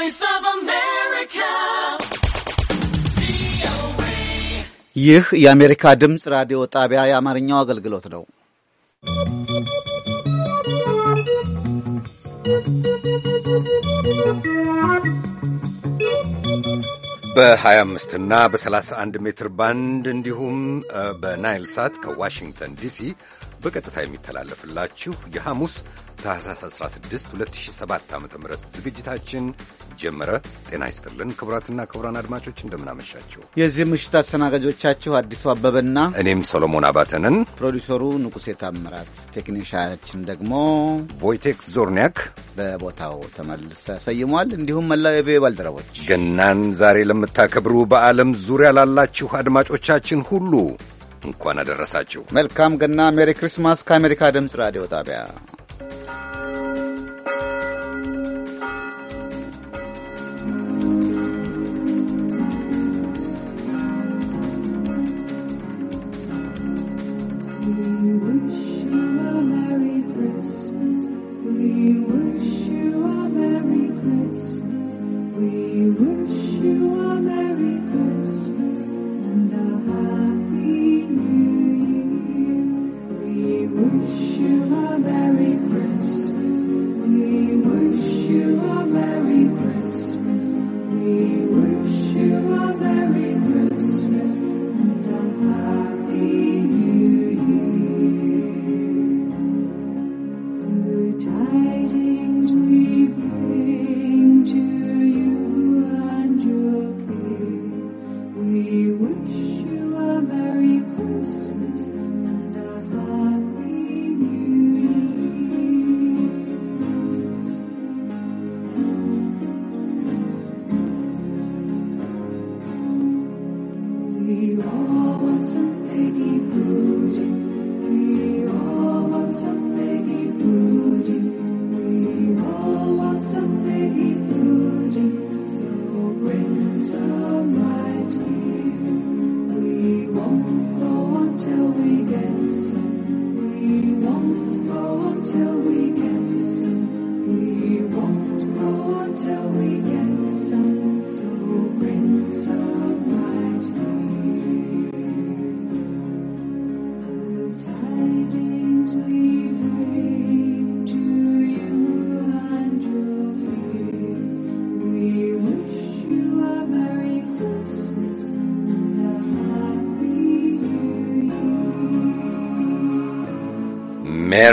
Voice ይህ የአሜሪካ ድምፅ ራዲዮ ጣቢያ የአማርኛው አገልግሎት ነው። በ25 እና በ31 ሜትር ባንድ እንዲሁም በናይል ሳት ከዋሽንግተን ዲሲ በቀጥታ የሚተላለፍላችሁ የሐሙስ ታህሳስ 16 2007 ዓ ም ዝግጅታችን ጀመረ። ጤና ይስጥልን ክቡራትና ክቡራን አድማጮች እንደምናመሻቸው የዚህ ምሽት አስተናጋጆቻችሁ አዲሱ አበበና እኔም ሰሎሞን አባተንን፣ ፕሮዲሰሩ ንጉሴ ታምራት፣ ቴክኒሻችን ደግሞ ቮይቴክ ዞርኒያክ በቦታው ተመልሰ ሰይሟል። እንዲሁም መላው የቪ ባልደረቦች ገናን ዛሬ ለምታከብሩ በዓለም ዙሪያ ላላችሁ አድማጮቻችን ሁሉ እንኳን አደረሳችሁ። መልካም ገና፣ ሜሪ ክሪስማስ ከአሜሪካ ድምፅ ራዲዮ ጣቢያ We wish you a Merry Christmas. We wish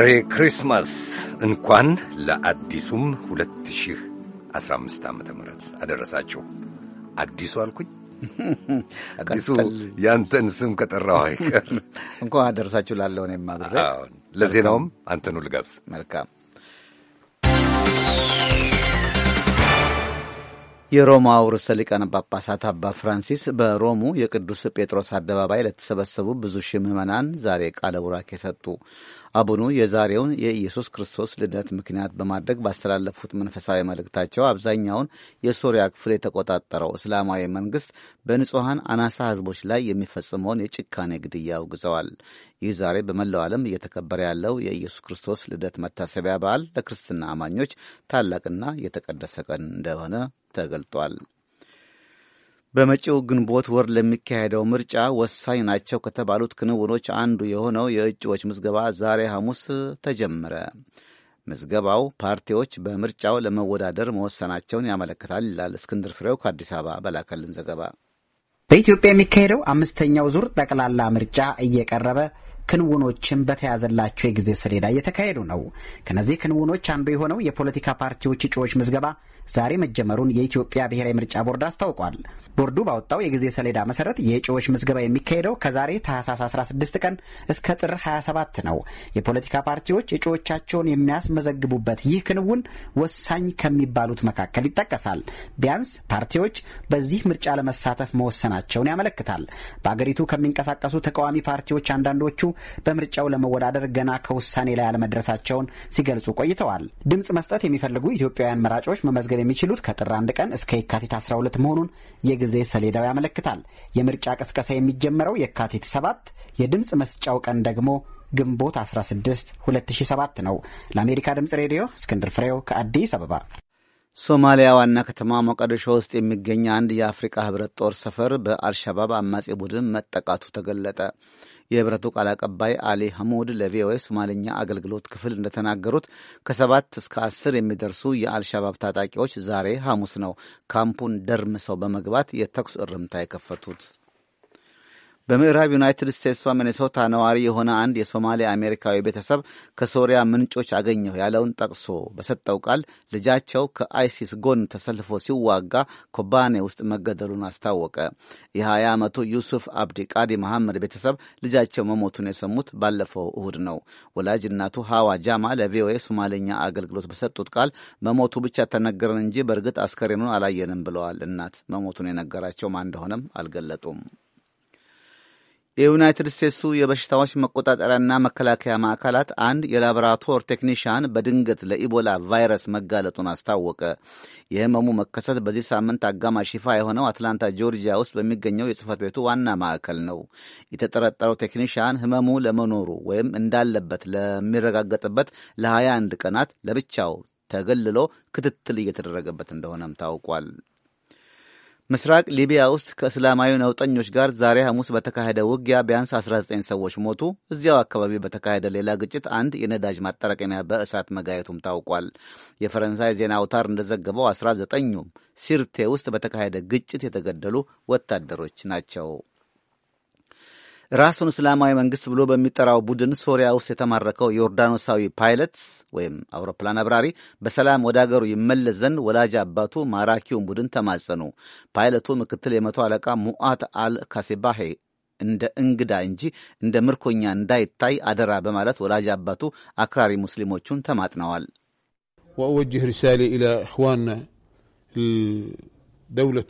ሜሪ ክሪስማስ እንኳን ለአዲሱም 2015 ዓ ም አደረሳችሁ። አዲሱ አልኩኝ። አዲሱ ያንተን ስም ከጠራው አይቀር እንኳን አደረሳችሁ ላለውን ነው ለዜናውም አንተኑ ልጋብዝ። መልካም የሮማው ርዕሰ ሊቃነ ጳጳሳት አባ ፍራንሲስ በሮሙ የቅዱስ ጴጥሮስ አደባባይ ለተሰበሰቡ ብዙ ሺህ ምዕመናን ዛሬ ቃለ ቡራኬ ሰጡ። አቡኑ የዛሬውን የኢየሱስ ክርስቶስ ልደት ምክንያት በማድረግ ባስተላለፉት መንፈሳዊ መልእክታቸው አብዛኛውን የሶሪያ ክፍል የተቆጣጠረው እስላማዊ መንግስት በንጹሐን አናሳ ህዝቦች ላይ የሚፈጽመውን የጭካኔ ግድያ አውግዘዋል። ይህ ዛሬ በመላው ዓለም እየተከበረ ያለው የኢየሱስ ክርስቶስ ልደት መታሰቢያ በዓል ለክርስትና አማኞች ታላቅና የተቀደሰ ቀን እንደሆነ ተገልጧል። በመጪው ግንቦት ወር ለሚካሄደው ምርጫ ወሳኝ ናቸው ከተባሉት ክንውኖች አንዱ የሆነው የእጩዎች ምዝገባ ዛሬ ሐሙስ ተጀመረ። ምዝገባው ፓርቲዎች በምርጫው ለመወዳደር መወሰናቸውን ያመለክታል ይላል እስክንድር ፍሬው ከአዲስ አበባ በላከልን ዘገባ። በኢትዮጵያ የሚካሄደው አምስተኛው ዙር ጠቅላላ ምርጫ እየቀረበ ክንውኖችም በተያዘላቸው የጊዜ ሰሌዳ እየተካሄዱ ነው። ከነዚህ ክንውኖች አንዱ የሆነው የፖለቲካ ፓርቲዎች እጩዎች ምዝገባ ዛሬ መጀመሩን የኢትዮጵያ ብሔራዊ ምርጫ ቦርድ አስታውቋል። ቦርዱ ባወጣው የጊዜ ሰሌዳ መሰረት የእጩዎች ምዝገባ የሚካሄደው ከዛሬ ታህሳስ 16 ቀን እስከ ጥር 27 ነው። የፖለቲካ ፓርቲዎች እጩዎቻቸውን የሚያስመዘግቡበት ይህ ክንውን ወሳኝ ከሚባሉት መካከል ይጠቀሳል። ቢያንስ ፓርቲዎች በዚህ ምርጫ ለመሳተፍ መወሰናቸውን ያመለክታል። በአገሪቱ ከሚንቀሳቀሱ ተቃዋሚ ፓርቲዎች አንዳንዶቹ በምርጫው ለመወዳደር ገና ከውሳኔ ላይ አለመድረሳቸውን ሲገልጹ ቆይተዋል። ድምፅ መስጠት የሚፈልጉ ኢትዮጵያውያን መራጮች መመዝገ መገለገል የሚችሉት ከጥር አንድ ቀን እስከ የካቲት 12 መሆኑን የጊዜ ሰሌዳው ያመለክታል። የምርጫ ቅስቀሳ የሚጀመረው የካቲት 7፣ የድምፅ መስጫው ቀን ደግሞ ግንቦት 16 2007 ነው። ለአሜሪካ ድምፅ ሬዲዮ እስክንድር ፍሬው ከአዲስ አበባ። ሶማሊያ ዋና ከተማ ሞቃዲሾ ውስጥ የሚገኝ አንድ የአፍሪካ ህብረት ጦር ሰፈር በአልሻባብ አማጺ ቡድን መጠቃቱ ተገለጠ። የህብረቱ ቃል አቀባይ አሊ ሐሙድ ለቪኦኤ ሶማልኛ አገልግሎት ክፍል እንደተናገሩት ከሰባት እስከ አስር የሚደርሱ የአልሻባብ ታጣቂዎች ዛሬ ሐሙስ ነው ካምፑን ደርምሰው በመግባት የተኩስ እርምታ የከፈቱት። በምዕራብ ዩናይትድ ስቴትስ ሚኔሶታ ነዋሪ የሆነ አንድ የሶማሊያ አሜሪካዊ ቤተሰብ ከሶሪያ ምንጮች አገኘሁ ያለውን ጠቅሶ በሰጠው ቃል ልጃቸው ከአይሲስ ጎን ተሰልፎ ሲዋጋ ኮባኔ ውስጥ መገደሉን አስታወቀ። የ20 ዓመቱ ዩሱፍ አብዲ ቃዲ መሐመድ ቤተሰብ ልጃቸው መሞቱን የሰሙት ባለፈው እሁድ ነው። ወላጅ እናቱ ሀዋ ጃማ ለቪኦኤ ሶማሌኛ አገልግሎት በሰጡት ቃል መሞቱ ብቻ ተነገረን እንጂ በእርግጥ አስከሬኑን አላየንም ብለዋል። እናት መሞቱን የነገራቸው ማን እንደሆነም አልገለጡም። የዩናይትድ ስቴትሱ የበሽታዎች መቆጣጠሪያና መከላከያ ማዕከላት አንድ የላቦራቶር ቴክኒሽያን በድንገት ለኢቦላ ቫይረስ መጋለጡን አስታወቀ። የህመሙ መከሰት በዚህ ሳምንት አጋማሽ ይፋ የሆነው አትላንታ ጆርጂያ ውስጥ በሚገኘው የጽህፈት ቤቱ ዋና ማዕከል ነው። የተጠረጠረው ቴክኒሽያን ህመሙ ለመኖሩ ወይም እንዳለበት ለሚረጋገጥበት ለ21 ቀናት ለብቻው ተገልሎ ክትትል እየተደረገበት እንደሆነም ታውቋል። ምስራቅ ሊቢያ ውስጥ ከእስላማዊ ነውጠኞች ጋር ዛሬ ሐሙስ በተካሄደ ውጊያ ቢያንስ 19 ሰዎች ሞቱ። እዚያው አካባቢ በተካሄደ ሌላ ግጭት አንድ የነዳጅ ማጠራቀሚያ በእሳት መጋየቱም ታውቋል። የፈረንሳይ ዜና አውታር እንደዘገበው 19ኙም ሲርቴ ውስጥ በተካሄደ ግጭት የተገደሉ ወታደሮች ናቸው። ራሱን እስላማዊ መንግስት ብሎ በሚጠራው ቡድን ሶሪያ ውስጥ የተማረከው ዮርዳኖሳዊ ፓይለት ወይም አውሮፕላን አብራሪ በሰላም ወደ አገሩ ይመለስ ዘንድ ወላጅ አባቱ ማራኪውን ቡድን ተማጸኑ። ፓይለቱ ምክትል የመቶ አለቃ ሙአት አል ካሴባሄ እንደ እንግዳ እንጂ እንደ ምርኮኛ እንዳይታይ አደራ በማለት ወላጅ አባቱ አክራሪ ሙስሊሞቹን ተማጥነዋል። ወአወጅህ ሪሳሌ ኢላ እኽዋንና ደውለት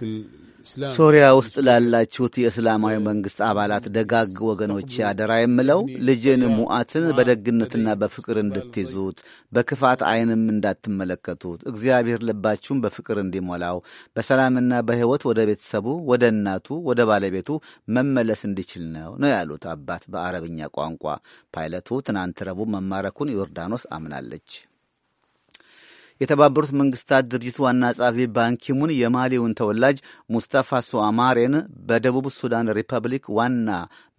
ሶሪያ ውስጥ ላላችሁት የእስላማዊ መንግሥት አባላት ደጋግ ወገኖች አደራ የምለው ልጅን ሙዓትን በደግነትና በፍቅር እንድትይዙት በክፋት ዓይንም እንዳትመለከቱት እግዚአብሔር ልባችሁን በፍቅር እንዲሞላው በሰላምና በሕይወት ወደ ቤተሰቡ፣ ወደ እናቱ፣ ወደ ባለቤቱ መመለስ እንዲችል ነው ነው ያሉት አባት በአረብኛ ቋንቋ። ፓይለቱ ትናንት ረቡዕ መማረኩን ዮርዳኖስ አምናለች። የተባበሩት መንግስታት ድርጅት ዋና ጸሐፊ ባንኪሙን የማሊውን ተወላጅ ሙስጠፋ ሶማሬን በደቡብ ሱዳን ሪፐብሊክ ዋና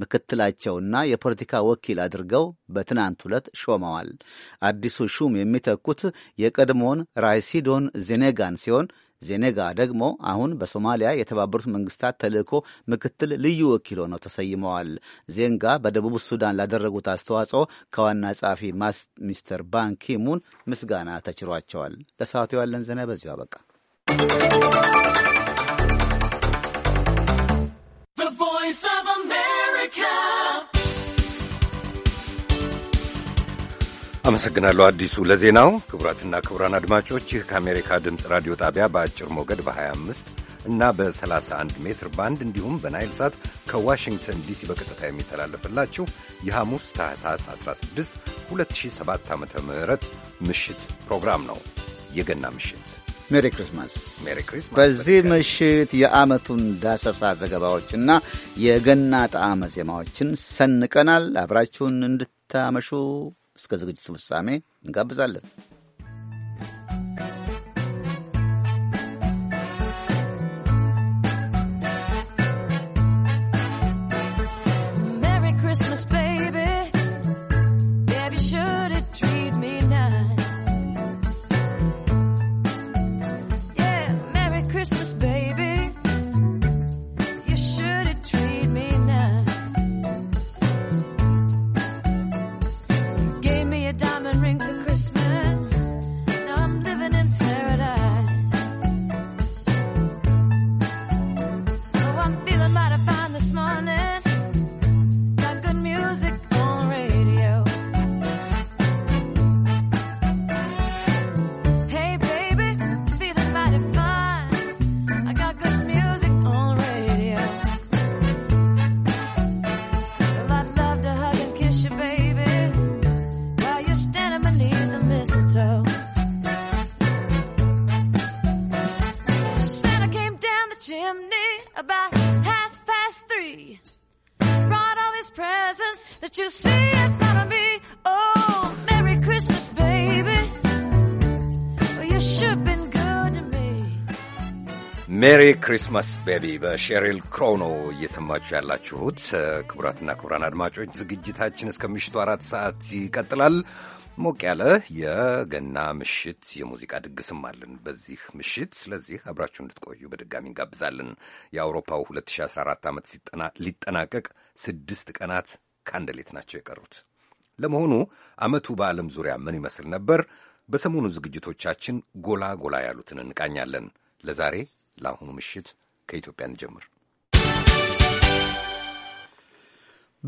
ምክትላቸውና የፖለቲካ ወኪል አድርገው በትናንት ዕለት ሾመዋል። አዲሱ ሹም የሚተኩት የቀድሞውን ራይሲዶን ዜኔጋን ሲሆን ዜኔጋ ደግሞ አሁን በሶማሊያ የተባበሩት መንግስታት ተልእኮ ምክትል ልዩ ወኪል ሆነው ተሰይመዋል። ዜንጋ በደቡብ ሱዳን ላደረጉት አስተዋጽኦ ከዋና ጸሐፊ ሚስተር ባንኪሙን ምስጋና ተችሯቸዋል። ለሰዓቱ ያለን ዜና በዚሁ አበቃ። አመሰግናለሁ አዲሱ ለዜናው። ክቡራትና ክቡራን አድማጮች ይህ ከአሜሪካ ድምፅ ራዲዮ ጣቢያ በአጭር ሞገድ በ25 እና በ31 ሜትር ባንድ እንዲሁም በናይል ሳት ከዋሽንግተን ዲሲ በቀጥታ የሚተላለፍላችሁ የሐሙስ ታህሳስ 16 2007 ዓ ም ምሽት ፕሮግራም ነው። የገና ምሽት ሜሪ ክሪስማስ፣ ሜሪ ክሪስማስ። በዚህ ምሽት የዓመቱን ዳሰሳ ዘገባዎችና የገና ጣዕመ ዜማዎችን ሰንቀናል። አብራችሁን እንድታመሹ እስከ ዝግጅቱ ፍጻሜ እንጋብዛለን። ሜሪ ክሪስማስ ቤቢ በሼሪል ክሮው ነው እየሰማችሁ ያላችሁት። ክቡራትና ክቡራን አድማጮች ዝግጅታችን እስከ ምሽቱ አራት ሰዓት ይቀጥላል። ሞቅ ያለ የገና ምሽት የሙዚቃ ድግስም አለን በዚህ ምሽት። ስለዚህ አብራችሁ እንድትቆዩ በድጋሚ እንጋብዛለን። የአውሮፓው 2014 ዓመት ሊጠናቀቅ ስድስት ቀናት ከአንድ ሌት ናቸው የቀሩት። ለመሆኑ ዓመቱ በዓለም ዙሪያ ምን ይመስል ነበር? በሰሞኑ ዝግጅቶቻችን ጎላ ጎላ ያሉትን እንቃኛለን። ለዛሬ ለአሁኑ ምሽት ከኢትዮጵያ እንጀምር።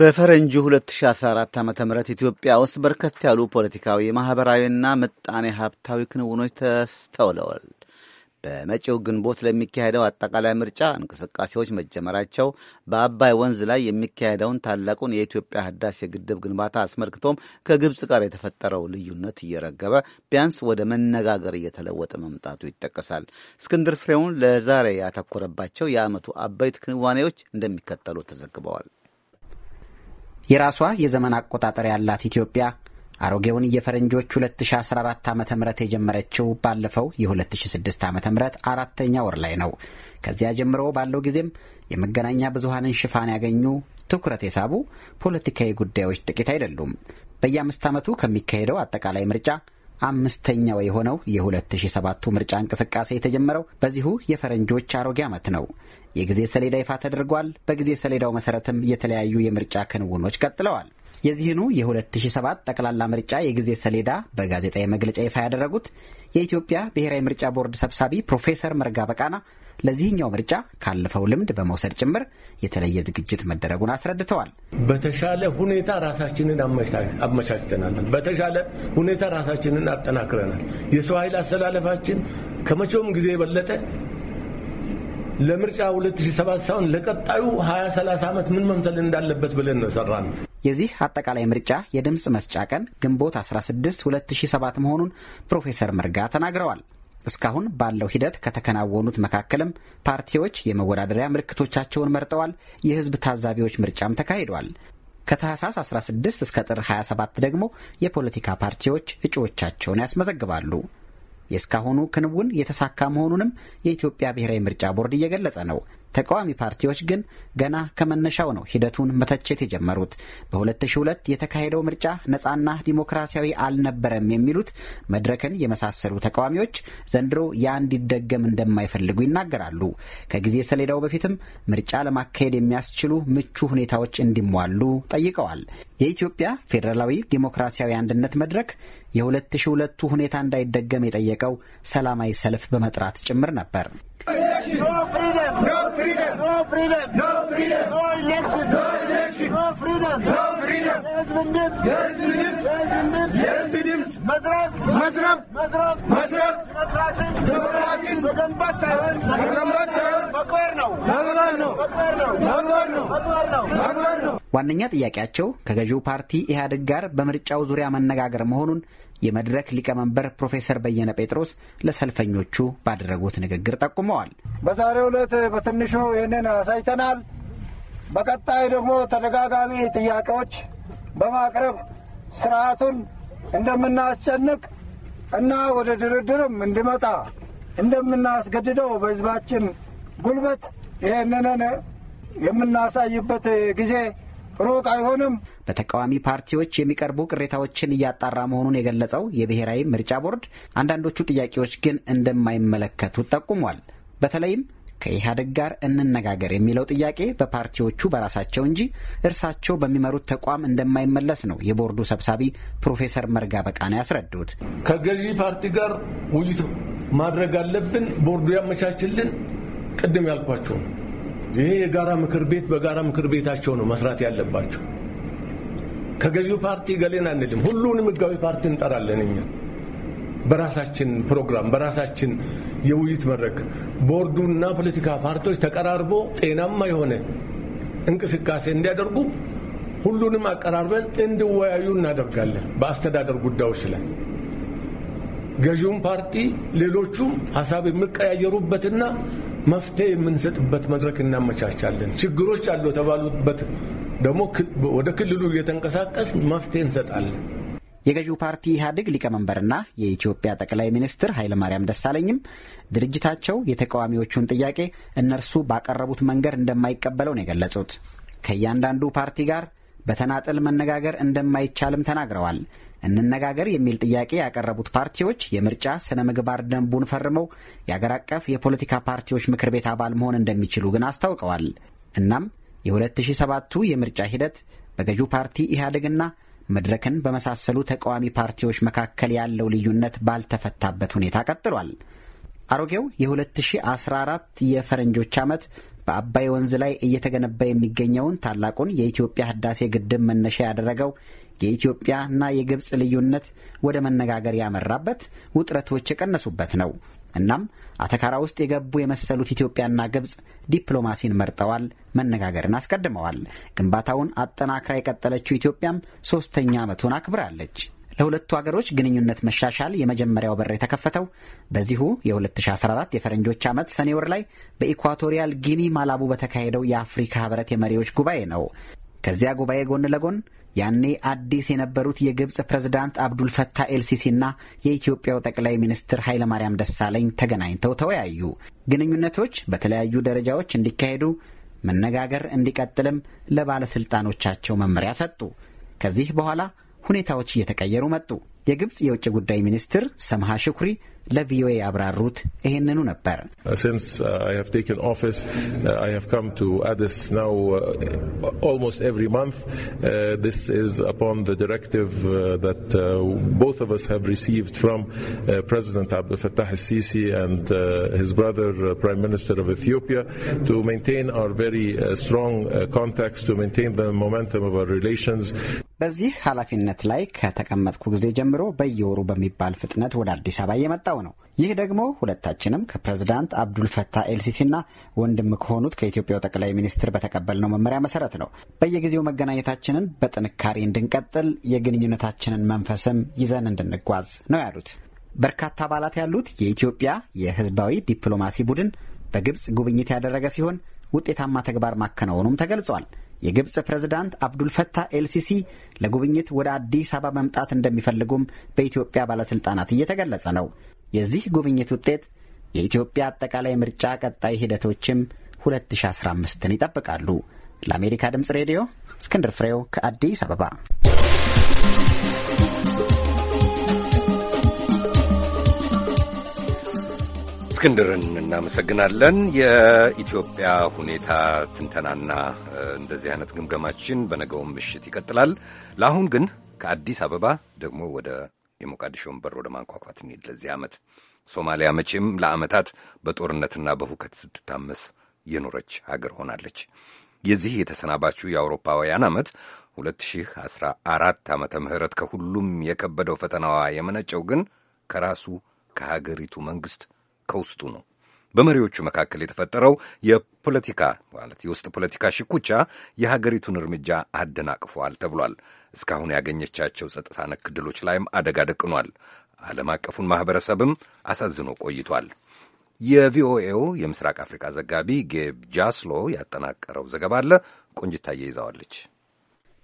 በፈረንጂ 2014 ዓ ም ኢትዮጵያ ውስጥ በርከት ያሉ ፖለቲካዊ፣ ማኅበራዊና ምጣኔ ሀብታዊ ክንውኖች ተስተውለዋል። በመጪው ግንቦት ለሚካሄደው አጠቃላይ ምርጫ እንቅስቃሴዎች መጀመራቸው፣ በአባይ ወንዝ ላይ የሚካሄደውን ታላቁን የኢትዮጵያ ህዳሴ ግድብ ግንባታ አስመልክቶም ከግብፅ ጋር የተፈጠረው ልዩነት እየረገበ ቢያንስ ወደ መነጋገር እየተለወጠ መምጣቱ ይጠቀሳል። እስክንድር ፍሬውን ለዛሬ ያተኮረባቸው የአመቱ አበይት ክንዋኔዎች እንደሚከተሉ ተዘግበዋል። የራሷ የዘመን አቆጣጠር ያላት ኢትዮጵያ አሮጌውን የፈረንጆች 2014 ዓ ም የጀመረችው ባለፈው የ2006 ዓ ም አራተኛ ወር ላይ ነው። ከዚያ ጀምሮ ባለው ጊዜም የመገናኛ ብዙሃንን ሽፋን ያገኙ ትኩረት የሳቡ ፖለቲካዊ ጉዳዮች ጥቂት አይደሉም። በየአምስት ዓመቱ ከሚካሄደው አጠቃላይ ምርጫ አምስተኛው የሆነው የ2007ቱ ምርጫ እንቅስቃሴ የተጀመረው በዚሁ የፈረንጆች አሮጌ ዓመት ነው። የጊዜ ሰሌዳ ይፋ ተደርጓል። በጊዜ ሰሌዳው መሰረትም የተለያዩ የምርጫ ክንውኖች ቀጥለዋል። የዚህኑ የ2007 ጠቅላላ ምርጫ የጊዜ ሰሌዳ በጋዜጣዊ መግለጫ ይፋ ያደረጉት የኢትዮጵያ ብሔራዊ ምርጫ ቦርድ ሰብሳቢ ፕሮፌሰር መርጋ በቃና ለዚህኛው ምርጫ ካለፈው ልምድ በመውሰድ ጭምር የተለየ ዝግጅት መደረጉን አስረድተዋል። በተሻለ ሁኔታ ራሳችንን አመቻችተናል። በተሻለ ሁኔታ ራሳችንን አጠናክረናል። የሰው ኃይል አሰላለፋችን ከመቼውም ጊዜ የበለጠ ለምርጫ 2007 ሳይሆን ለቀጣዩ 20 30 ዓመት ምን መምሰል እንዳለበት ብለን ነው ሰራነው። የዚህ አጠቃላይ ምርጫ የድምፅ መስጫ ቀን ግንቦት 16 2007 መሆኑን ፕሮፌሰር መርጋ ተናግረዋል። እስካሁን ባለው ሂደት ከተከናወኑት መካከልም ፓርቲዎች የመወዳደሪያ ምልክቶቻቸውን መርጠዋል። የህዝብ ታዛቢዎች ምርጫም ተካሂዷል። ከታህሳስ 16 እስከ ጥር 27 ደግሞ የፖለቲካ ፓርቲዎች እጩዎቻቸውን ያስመዘግባሉ። የእስካሁኑ ክንውን የተሳካ መሆኑንም የኢትዮጵያ ብሔራዊ ምርጫ ቦርድ እየገለጸ ነው። ተቃዋሚ ፓርቲዎች ግን ገና ከመነሻው ነው ሂደቱን መተቸት የጀመሩት። በ2002 የተካሄደው ምርጫ ነፃና ዲሞክራሲያዊ አልነበረም የሚሉት መድረክን የመሳሰሉ ተቃዋሚዎች ዘንድሮ ያ እንዲደገም እንደማይፈልጉ ይናገራሉ። ከጊዜ ሰሌዳው በፊትም ምርጫ ለማካሄድ የሚያስችሉ ምቹ ሁኔታዎች እንዲሟሉ ጠይቀዋል። የኢትዮጵያ ፌዴራላዊ ዲሞክራሲያዊ አንድነት መድረክ የ2002ቱ ሁኔታ እንዳይደገም የጠየቀው ሰላማዊ ሰልፍ በመጥራት ጭምር ነበር። election. No freedom. No freedom. No freedom. No freedom. No election. No election. No freedom. No freedom. የህዝብ ድምፅ. የህዝብ ድምፅ. መዝረፍ. መዝረፍ. መዝረፍ. መዝረፍ. ዲሞክራሲን. ዲሞክራሲን መገንባት ሳይሆን መገንባት ሳይሆን መቅበር ነው። መቅበር ነው። መቅበር ነው። መቅበር ነው። መቅበር ነው። መቅበር ነው። ዋነኛ ጥያቄያቸው ከገዢው ፓርቲ ኢህአዴግ ጋር በምርጫው ዙሪያ መነጋገር መሆኑን የመድረክ ሊቀመንበር ፕሮፌሰር በየነ ጴጥሮስ ለሰልፈኞቹ ባደረጉት ንግግር ጠቁመዋል። በዛሬው ዕለት በትንሹ ይህንን አሳይተናል። በቀጣይ ደግሞ ተደጋጋሚ ጥያቄዎች በማቅረብ ስርዓቱን እንደምናስጨንቅ እና ወደ ድርድርም እንዲመጣ እንደምናስገድደው በህዝባችን ጉልበት ይህንን የምናሳይበት ጊዜ ሩቅ አይሆንም። በተቃዋሚ ፓርቲዎች የሚቀርቡ ቅሬታዎችን እያጣራ መሆኑን የገለጸው የብሔራዊ ምርጫ ቦርድ አንዳንዶቹ ጥያቄዎች ግን እንደማይመለከቱ ጠቁሟል። በተለይም ከኢህአዴግ ጋር እንነጋገር የሚለው ጥያቄ በፓርቲዎቹ በራሳቸው እንጂ እርሳቸው በሚመሩት ተቋም እንደማይመለስ ነው የቦርዱ ሰብሳቢ ፕሮፌሰር መርጋ በቃና ያስረዱት። ከገዢ ፓርቲ ጋር ውይይት ማድረግ አለብን። ቦርዱ ያመቻችልን ቅድም ያልኳቸው ይሄ የጋራ ምክር ቤት በጋራ ምክር ቤታቸው ነው መስራት ያለባቸው። ከገዢው ፓርቲ ገሌን አንልም። ሁሉንም ህጋዊ ፓርቲ እንጠራለን እኛ በራሳችን ፕሮግራም በራሳችን የውይይት መድረክ ቦርዱና ፖለቲካ ፓርቲዎች ተቀራርቦ ጤናማ የሆነ እንቅስቃሴ እንዲያደርጉ ሁሉንም አቀራርበን እንዲወያዩ እናደርጋለን። በአስተዳደር ጉዳዮች ላይ ገዢውም ፓርቲ ሌሎቹም ሀሳብ የሚቀያየሩበትና መፍትሄ የምንሰጥበት መድረክ እናመቻቻለን። ችግሮች አሉ የተባሉበት ደግሞ ወደ ክልሉ እየተንቀሳቀስ መፍትሄ እንሰጣለን። የገዢው ፓርቲ ኢህአዴግ ሊቀመንበርና የኢትዮጵያ ጠቅላይ ሚኒስትር ኃይለማርያም ደሳለኝም ድርጅታቸው የተቃዋሚዎቹን ጥያቄ እነርሱ ባቀረቡት መንገድ እንደማይቀበለው ነው የገለጹት። ከእያንዳንዱ ፓርቲ ጋር በተናጠል መነጋገር እንደማይቻልም ተናግረዋል። እንነጋገር የሚል ጥያቄ ያቀረቡት ፓርቲዎች የምርጫ ስነ ምግባር ደንቡን ፈርመው የአገር አቀፍ የፖለቲካ ፓርቲዎች ምክር ቤት አባል መሆን እንደሚችሉ ግን አስታውቀዋል። እናም የ2007ቱ የምርጫ ሂደት በገዢው ፓርቲ ኢህአዴግና መድረክን በመሳሰሉ ተቃዋሚ ፓርቲዎች መካከል ያለው ልዩነት ባልተፈታበት ሁኔታ ቀጥሏል። አሮጌው የ2014 የፈረንጆች ዓመት በአባይ ወንዝ ላይ እየተገነባ የሚገኘውን ታላቁን የኢትዮጵያ ህዳሴ ግድብ መነሻ ያደረገው የኢትዮጵያና የግብፅ ልዩነት ወደ መነጋገር ያመራበት፣ ውጥረቶች የቀነሱበት ነው። እናም አተካራ ውስጥ የገቡ የመሰሉት ኢትዮጵያና ግብፅ ዲፕሎማሲን መርጠዋል፣ መነጋገርን አስቀድመዋል። ግንባታውን አጠናክራ የቀጠለችው ኢትዮጵያም ሶስተኛ ዓመቱን አክብራለች። ለሁለቱ አገሮች ግንኙነት መሻሻል የመጀመሪያው በር የተከፈተው በዚሁ የ2014 የፈረንጆች ዓመት ሰኔ ወር ላይ በኢኳቶሪያል ጊኒ ማላቡ በተካሄደው የአፍሪካ ህብረት የመሪዎች ጉባኤ ነው። ከዚያ ጉባኤ ጎን ለጎን ያኔ አዲስ የነበሩት የግብፅ ፕሬዝዳንት አብዱልፈታህ ኤልሲሲና የኢትዮጵያው ጠቅላይ ሚኒስትር ኃይለማርያም ደሳለኝ ተገናኝተው ተወያዩ። ግንኙነቶች በተለያዩ ደረጃዎች እንዲካሄዱ መነጋገር እንዲቀጥልም ለባለስልጣኖቻቸው መመሪያ ሰጡ። ከዚህ በኋላ ሁኔታዎች እየተቀየሩ መጡ። የግብፅ የውጭ ጉዳይ ሚኒስትር ሰምሃ ሽኩሪ ለቪኦኤ ያብራሩት ይህንኑ ነበር። በዚህ ኃላፊነት ላይ ከተቀመጥኩ ጊዜ ጀምሮ በየወሩ በሚባል ፍጥነት ወደ አዲስ አበባ የመጣው የሚለው ነው። ይህ ደግሞ ሁለታችንም ከፕሬዝዳንት አብዱልፈታህ ኤልሲሲና ወንድም ከሆኑት ከኢትዮጵያው ጠቅላይ ሚኒስትር በተቀበልነው መመሪያ መሰረት ነው። በየጊዜው መገናኘታችንን በጥንካሬ እንድንቀጥል የግንኙነታችንን መንፈስም ይዘን እንድንጓዝ ነው ያሉት። በርካታ አባላት ያሉት የኢትዮጵያ የህዝባዊ ዲፕሎማሲ ቡድን በግብፅ ጉብኝት ያደረገ ሲሆን ውጤታማ ተግባር ማከናወኑም ተገልጿል። የግብፅ ፕሬዝዳንት አብዱልፈታህ ኤልሲሲ ለጉብኝት ወደ አዲስ አበባ መምጣት እንደሚፈልጉም በኢትዮጵያ ባለስልጣናት እየተገለጸ ነው። የዚህ ጉብኝት ውጤት የኢትዮጵያ አጠቃላይ ምርጫ ቀጣይ ሂደቶችም 2015ን ይጠብቃሉ። ለአሜሪካ ድምፅ ሬዲዮ እስክንድር ፍሬው ከአዲስ አበባ። እስክንድርን እናመሰግናለን። የኢትዮጵያ ሁኔታ ትንተናና እንደዚህ አይነት ግምገማችን በነገውም ምሽት ይቀጥላል። ለአሁን ግን ከአዲስ አበባ ደግሞ ወደ የሞቃዲሾን በር ወደ ማንኳኳት እንሂድ። ለዚህ ዓመት ሶማሊያ መቼም ለዓመታት በጦርነትና በሁከት ስትታመስ የኖረች ሀገር ሆናለች። የዚህ የተሰናባቹ የአውሮፓውያን ዓመት 2014 ዓመተ ምህረት ከሁሉም የከበደው ፈተናዋ የመነጨው ግን ከራሱ ከሀገሪቱ መንግሥት ከውስጡ ነው። በመሪዎቹ መካከል የተፈጠረው የፖለቲካ ማለት የውስጥ ፖለቲካ ሽኩቻ የሀገሪቱን እርምጃ አደናቅፏል ተብሏል። እስካሁን ያገኘቻቸው ጸጥታ ነክ ድሎች ላይም አደጋ ደቅኗል። ዓለም አቀፉን ማኅበረሰብም አሳዝኖ ቆይቷል። የቪኦኤው የምስራቅ አፍሪካ ዘጋቢ ጌብ ጃስሎ ያጠናቀረው ዘገባ አለ ቆንጅታየ ይዛዋለች።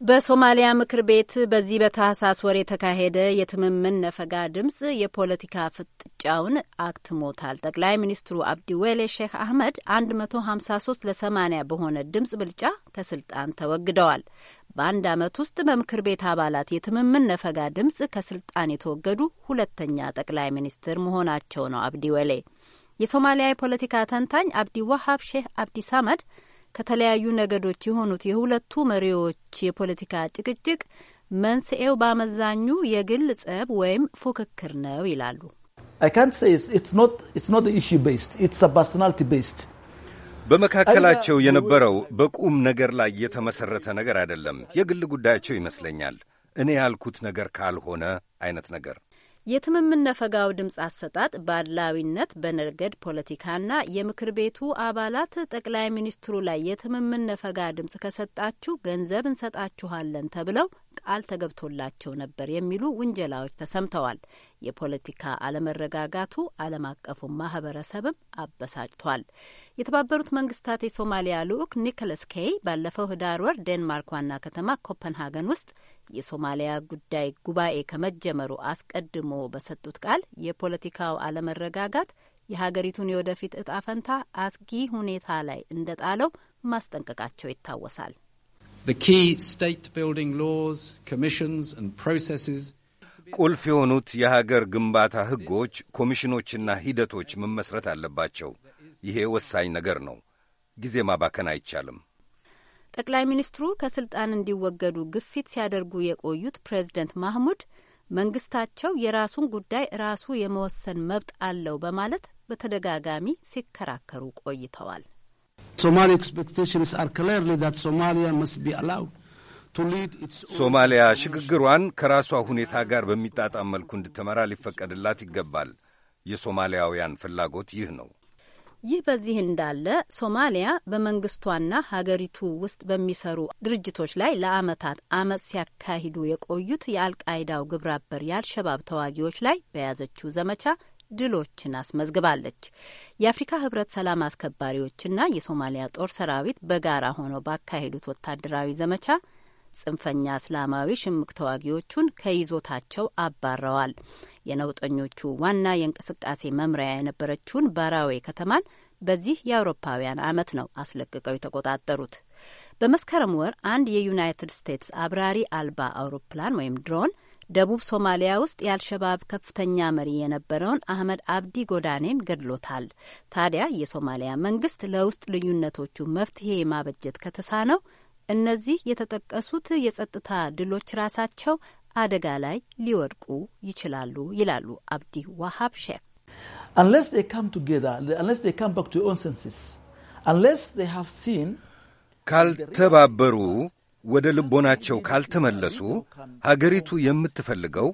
በሶማሊያ ምክር ቤት በዚህ በታህሳስ ወር የተካሄደ የትምምን ነፈጋ ድምጽ የፖለቲካ ፍጥጫውን አክትሞታል። ጠቅላይ ሚኒስትሩ አብዲ ዌሌ ሼክ አህመድ 153 ለ80 በሆነ ድምፅ ብልጫ ከስልጣን ተወግደዋል። በአንድ ዓመት ውስጥ በምክር ቤት አባላት የትምምን ነፈጋ ድምፅ ከስልጣን የተወገዱ ሁለተኛ ጠቅላይ ሚኒስትር መሆናቸው ነው አብዲ ወሌ። የሶማሊያ የፖለቲካ ተንታኝ አብዲ ዋሃብ ሼህ አብዲ ሳመድ ከተለያዩ ነገዶች የሆኑት የሁለቱ መሪዎች የፖለቲካ ጭቅጭቅ መንስኤው በአመዛኙ የግል ጸብ ወይም ፉክክር ነው ይላሉ። በመካከላቸው የነበረው በቁም ነገር ላይ የተመሰረተ ነገር አይደለም። የግል ጉዳያቸው ይመስለኛል። እኔ ያልኩት ነገር ካልሆነ አይነት ነገር የትምምን ነፈጋው ድምፅ አሰጣጥ ባድላዊነት በነገድ ፖለቲካና የምክር ቤቱ አባላት ጠቅላይ ሚኒስትሩ ላይ የትምምን ነፈጋ ድምፅ ከሰጣችሁ ገንዘብ እንሰጣችኋለን ተብለው ቃል ተገብቶላቸው ነበር የሚሉ ውንጀላዎች ተሰምተዋል። የፖለቲካ አለመረጋጋቱ ዓለም አቀፉን ማህበረሰብም አበሳጭቷል። የተባበሩት መንግስታት የሶማሊያ ልዑክ ኒኮላስ ኬይ ባለፈው ህዳር ወር ዴንማርክ ዋና ከተማ ኮፐንሃገን ውስጥ የሶማሊያ ጉዳይ ጉባኤ ከመጀመሩ አስቀድሞ በሰጡት ቃል የፖለቲካው አለመረጋጋት የሀገሪቱን የወደፊት እጣ ፈንታ አስጊ ሁኔታ ላይ እንደጣለው ማስጠንቀቃቸው ይታወሳል። ቁልፍ የሆኑት የሀገር ግንባታ ሕጎች፣ ኮሚሽኖችና ሂደቶች መመስረት አለባቸው። ይሄ ወሳኝ ነገር ነው። ጊዜ ማባከን አይቻልም። ጠቅላይ ሚኒስትሩ ከስልጣን እንዲወገዱ ግፊት ሲያደርጉ የቆዩት ፕሬዝደንት ማህሙድ መንግስታቸው የራሱን ጉዳይ ራሱ የመወሰን መብት አለው በማለት በተደጋጋሚ ሲከራከሩ ቆይተዋል። ሶማሊያ ሽግግሯን ከራሷ ሁኔታ ጋር በሚጣጣም መልኩ እንድትመራ ሊፈቀድላት ይገባል። የሶማሊያውያን ፍላጎት ይህ ነው። ይህ በዚህ እንዳለ ሶማሊያ በመንግስቷና ሀገሪቱ ውስጥ በሚሰሩ ድርጅቶች ላይ ለአመታት አመፅ ሲያካሂዱ የቆዩት የአልቃይዳው ግብረ የአልሸባብ ተዋጊዎች ላይ በያዘችው ዘመቻ ድሎችን አስመዝግባለች። የአፍሪካ ህብረት ሰላም አስከባሪዎችና የሶማሊያ ጦር ሰራዊት በጋራ ሆነው ባካሄዱት ወታደራዊ ዘመቻ ጽንፈኛ እስላማዊ ሽምቅ ተዋጊዎቹን ከይዞታቸው አባረዋል። የነውጠኞቹ ዋና የእንቅስቃሴ መምሪያ የነበረችውን ባራዌ ከተማን በዚህ የአውሮፓውያን አመት ነው አስለቅቀው የተቆጣጠሩት። በመስከረም ወር አንድ የዩናይትድ ስቴትስ አብራሪ አልባ አውሮፕላን ወይም ድሮን ደቡብ ሶማሊያ ውስጥ የአልሸባብ ከፍተኛ መሪ የነበረውን አህመድ አብዲ ጎዳኔን ገድሎታል። ታዲያ የሶማሊያ መንግስት ለውስጥ ልዩነቶቹ መፍትሄ ማበጀት ከተሳነው እነዚህ የተጠቀሱት የጸጥታ ድሎች ራሳቸው አደጋ ላይ ሊወድቁ ይችላሉ ይላሉ አብዲ ዋሃብ ሼክ። ካልተባበሩ ወደ ልቦናቸው ካልተመለሱ ሀገሪቱ የምትፈልገው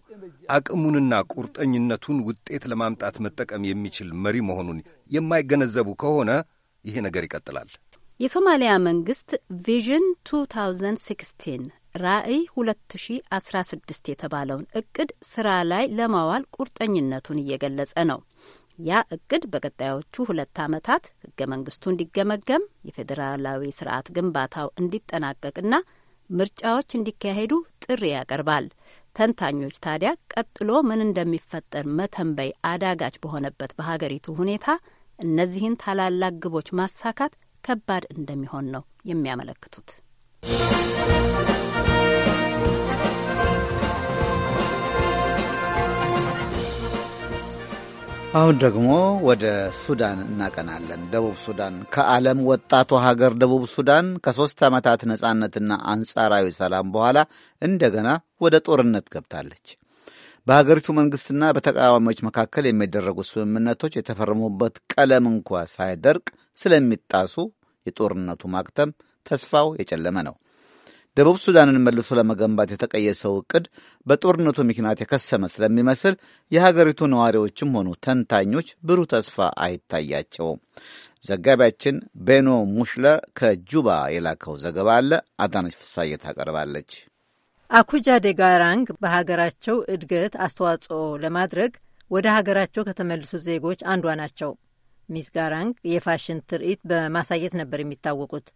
አቅሙንና ቁርጠኝነቱን ውጤት ለማምጣት መጠቀም የሚችል መሪ መሆኑን የማይገነዘቡ ከሆነ ይሄ ነገር ይቀጥላል። የሶማሊያ መንግስት ቪዥን 2016 ራዕይ 2016 የተባለውን እቅድ ስራ ላይ ለማዋል ቁርጠኝነቱን እየገለጸ ነው። ያ እቅድ በቀጣዮቹ ሁለት ዓመታት ህገ መንግስቱ እንዲገመገም፣ የፌዴራላዊ ስርዓት ግንባታው እንዲጠናቀቅና ምርጫዎች እንዲካሄዱ ጥሪ ያቀርባል። ተንታኞች ታዲያ ቀጥሎ ምን እንደሚፈጠር መተንበይ አዳጋች በሆነበት በሀገሪቱ ሁኔታ እነዚህን ታላላቅ ግቦች ማሳካት ከባድ እንደሚሆን ነው የሚያመለክቱት። አሁን ደግሞ ወደ ሱዳን እናቀናለን። ደቡብ ሱዳን ከዓለም ወጣቱ ሀገር ደቡብ ሱዳን ከሦስት ዓመታት ነጻነትና አንጻራዊ ሰላም በኋላ እንደገና ወደ ጦርነት ገብታለች። በሀገሪቱ መንግሥትና በተቃዋሚዎች መካከል የሚደረጉ ስምምነቶች የተፈረሙበት ቀለም እንኳ ሳይደርቅ ስለሚጣሱ የጦርነቱ ማክተም ተስፋው የጨለመ ነው። ደቡብ ሱዳንን መልሶ ለመገንባት የተቀየሰው እቅድ በጦርነቱ ምክንያት የከሰመ ስለሚመስል የሀገሪቱ ነዋሪዎችም ሆኑ ተንታኞች ብሩህ ተስፋ አይታያቸውም። ዘጋቢያችን ቤኖ ሙሽለር ከጁባ የላከው ዘገባ አለ። አዳነች ፍሳዬ ታቀርባለች። አኩጃ ዴጋራንግ በሀገራቸው እድገት አስተዋጽኦ ለማድረግ ወደ ሀገራቸው ከተመልሱ ዜጎች አንዷ ናቸው። ሚስ ጋራንግ የፋሽን ትርኢት በማሳየት ነበር የሚታወቁት።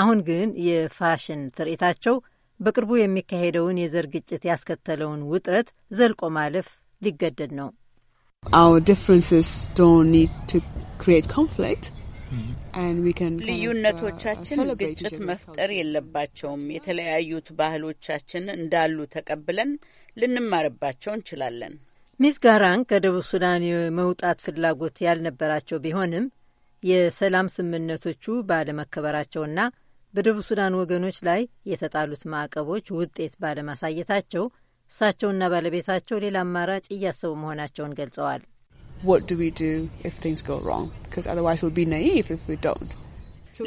አሁን ግን የፋሽን ትርኢታቸው በቅርቡ የሚካሄደውን የዘር ግጭት ያስከተለውን ውጥረት ዘልቆ ማለፍ ሊገደድ ነው። mm-hmm. uh, ልዩነቶቻችን ግጭት መፍጠር የለባቸውም። የተለያዩት ባህሎቻችን እንዳሉ ተቀብለን ልንማርባቸው እንችላለን። ሚስ ጋራንግ ከደቡብ ሱዳን የመውጣት ፍላጎት ያልነበራቸው ቢሆንም የሰላም ስምምነቶቹ ባለመከበራቸውና በደቡብ ሱዳን ወገኖች ላይ የተጣሉት ማዕቀቦች ውጤት ባለማሳየታቸው እሳቸውና ባለቤታቸው ሌላ አማራጭ እያሰቡ መሆናቸውን ገልጸዋል።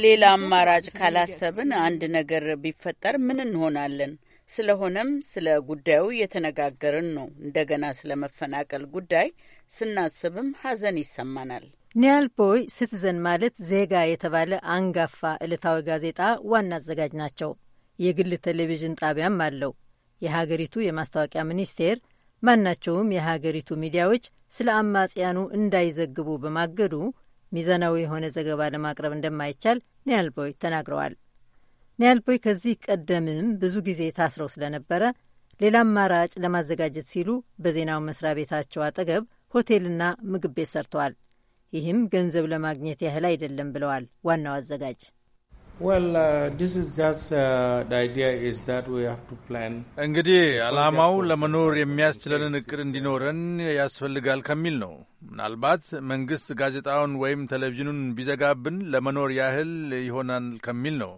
ሌላ አማራጭ ካላሰብን አንድ ነገር ቢፈጠር ምን እንሆናለን? ስለሆነም ስለ ጉዳዩ እየተነጋገርን ነው። እንደገና ስለ መፈናቀል ጉዳይ ስናስብም ሀዘን ይሰማናል። ኒያልፖይ ሲቲዘን ማለት ዜጋ የተባለ አንጋፋ ዕለታዊ ጋዜጣ ዋና አዘጋጅ ናቸው። የግል ቴሌቪዥን ጣቢያም አለው። የሀገሪቱ የማስታወቂያ ሚኒስቴር ማናቸውም የሀገሪቱ ሚዲያዎች ስለ አማጽያኑ እንዳይዘግቡ በማገዱ ሚዛናዊ የሆነ ዘገባ ለማቅረብ እንደማይቻል ኒያልቦይ ተናግረዋል። ኒያልቦይ ከዚህ ቀደምም ብዙ ጊዜ ታስረው ስለነበረ ሌላ አማራጭ ለማዘጋጀት ሲሉ በዜናው መስሪያ ቤታቸው አጠገብ ሆቴልና ምግብ ቤት ሰርተዋል። ይህም ገንዘብ ለማግኘት ያህል አይደለም ብለዋል ዋናው አዘጋጅ። uh, uh, እንግዲህ ዓላማው ለመኖር የሚያስችለንን እቅድ እንዲኖረን ያስፈልጋል ከሚል ነው። ምናልባት መንግሥት ጋዜጣውን ወይም ቴሌቪዥኑን ቢዘጋብን ለመኖር ያህል ይሆናል ከሚል ነው።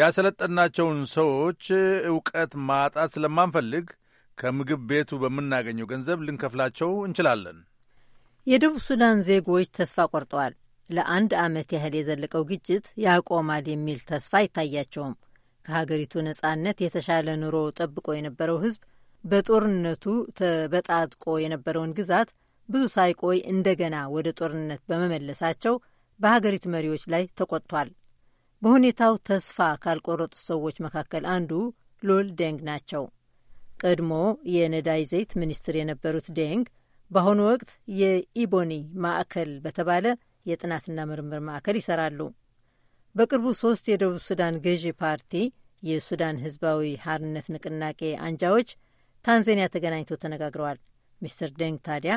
ያሰለጠናቸውን ሰዎች እውቀት ማጣት ስለማንፈልግ ከምግብ ቤቱ በምናገኘው ገንዘብ ልንከፍላቸው እንችላለን። የደቡብ ሱዳን ዜጎች ተስፋ ቆርጠዋል። ለአንድ ዓመት ያህል የዘለቀው ግጭት ያቆማል የሚል ተስፋ አይታያቸውም። ከሀገሪቱ ነጻነት የተሻለ ኑሮ ጠብቆ የነበረው ሕዝብ በጦርነቱ ተበጣጥቆ የነበረውን ግዛት ብዙ ሳይቆይ እንደገና ወደ ጦርነት በመመለሳቸው በሀገሪቱ መሪዎች ላይ ተቆጥቷል። በሁኔታው ተስፋ ካልቆረጡት ሰዎች መካከል አንዱ ሎል ዴንግ ናቸው። ቀድሞ የነዳጅ ዘይት ሚኒስትር የነበሩት ዴንግ በአሁኑ ወቅት የኢቦኒ ማዕከል በተባለ የጥናትና ምርምር ማዕከል ይሰራሉ። በቅርቡ ሶስት የደቡብ ሱዳን ገዢ ፓርቲ የሱዳን ህዝባዊ ሀርነት ንቅናቄ አንጃዎች ታንዛኒያ ተገናኝተው ተነጋግረዋል። ሚስተር ደንግ ታዲያ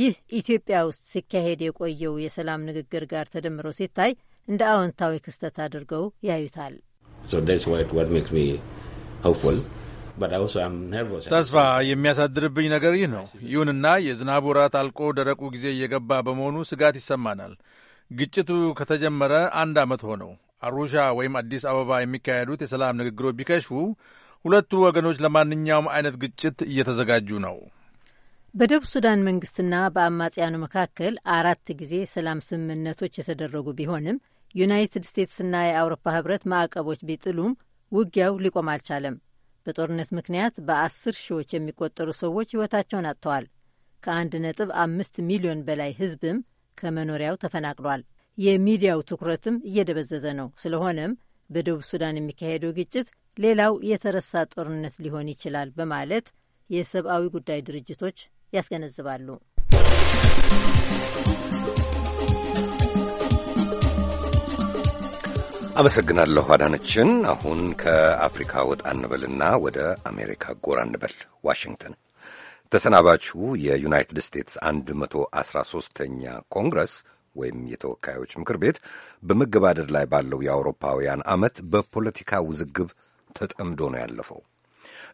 ይህ ኢትዮጵያ ውስጥ ሲካሄድ የቆየው የሰላም ንግግር ጋር ተደምሮ ሲታይ እንደ አዎንታዊ ክስተት አድርገው ያዩታል። ተስፋ የሚያሳድርብኝ ነገር ይህ ነው። ይሁንና የዝናቡ ወራት አልቆ ደረቁ ጊዜ እየገባ በመሆኑ ስጋት ይሰማናል። ግጭቱ ከተጀመረ አንድ ዓመት ሆነው አሩሻ ወይም አዲስ አበባ የሚካሄዱት የሰላም ንግግሮች ቢከሽፉ ሁለቱ ወገኖች ለማንኛውም አይነት ግጭት እየተዘጋጁ ነው። በደቡብ ሱዳን መንግስትና በአማጽያኑ መካከል አራት ጊዜ የሰላም ስምምነቶች የተደረጉ ቢሆንም ዩናይትድ ስቴትስና የአውሮፓ ህብረት ማዕቀቦች ቢጥሉም ውጊያው ሊቆም አልቻለም። በጦርነት ምክንያት በአስር ሺዎች የሚቆጠሩ ሰዎች ሕይወታቸውን አጥተዋል። ከአንድ ነጥብ አምስት ሚሊዮን በላይ ሕዝብም ከመኖሪያው ተፈናቅሏል። የሚዲያው ትኩረትም እየደበዘዘ ነው። ስለሆነም በደቡብ ሱዳን የሚካሄደው ግጭት ሌላው የተረሳ ጦርነት ሊሆን ይችላል በማለት የሰብአዊ ጉዳይ ድርጅቶች ያስገነዝባሉ። አመሰግናለሁ አዳነችን። አሁን ከአፍሪካ ወጣ እንበልና ወደ አሜሪካ ጎራ እንበል። ዋሽንግተን ተሰናባቹ የዩናይትድ ስቴትስ 113ኛ ኮንግረስ ወይም የተወካዮች ምክር ቤት በመገባደድ ላይ ባለው የአውሮፓውያን ዓመት በፖለቲካ ውዝግብ ተጠምዶ ነው ያለፈው።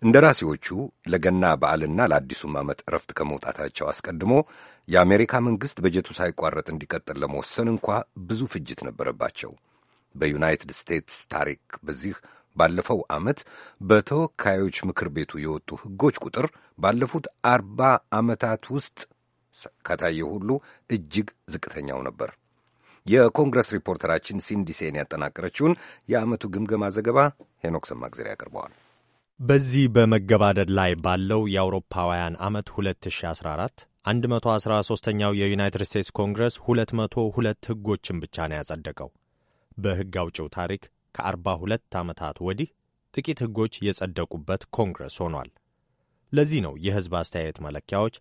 እንደራሴዎቹ ለገና በዓልና ለአዲሱም ዓመት እረፍት ከመውጣታቸው አስቀድሞ የአሜሪካ መንግሥት በጀቱ ሳይቋረጥ እንዲቀጥል ለመወሰን እንኳ ብዙ ፍጅት ነበረባቸው። በዩናይትድ ስቴትስ ታሪክ በዚህ ባለፈው ዓመት በተወካዮች ምክር ቤቱ የወጡ ሕጎች ቁጥር ባለፉት አርባ ዓመታት ውስጥ ከታየ ሁሉ እጅግ ዝቅተኛው ነበር። የኮንግረስ ሪፖርተራችን ሲንዲሴን ያጠናቀረችውን የዓመቱ ግምገማ ዘገባ ሄኖክ ሰማግዜር ያቀርበዋል። በዚህ በመገባደድ ላይ ባለው የአውሮፓውያን ዓመት 2014 113ኛው የዩናይትድ ስቴትስ ኮንግረስ 202 ሕጎችን ብቻ ነው ያጸደቀው። በሕግ አውጪው ታሪክ ከአርባ ሁለት ዓመታት ወዲህ ጥቂት ሕጎች የጸደቁበት ኮንግረስ ሆኗል። ለዚህ ነው የሕዝብ አስተያየት መለኪያዎች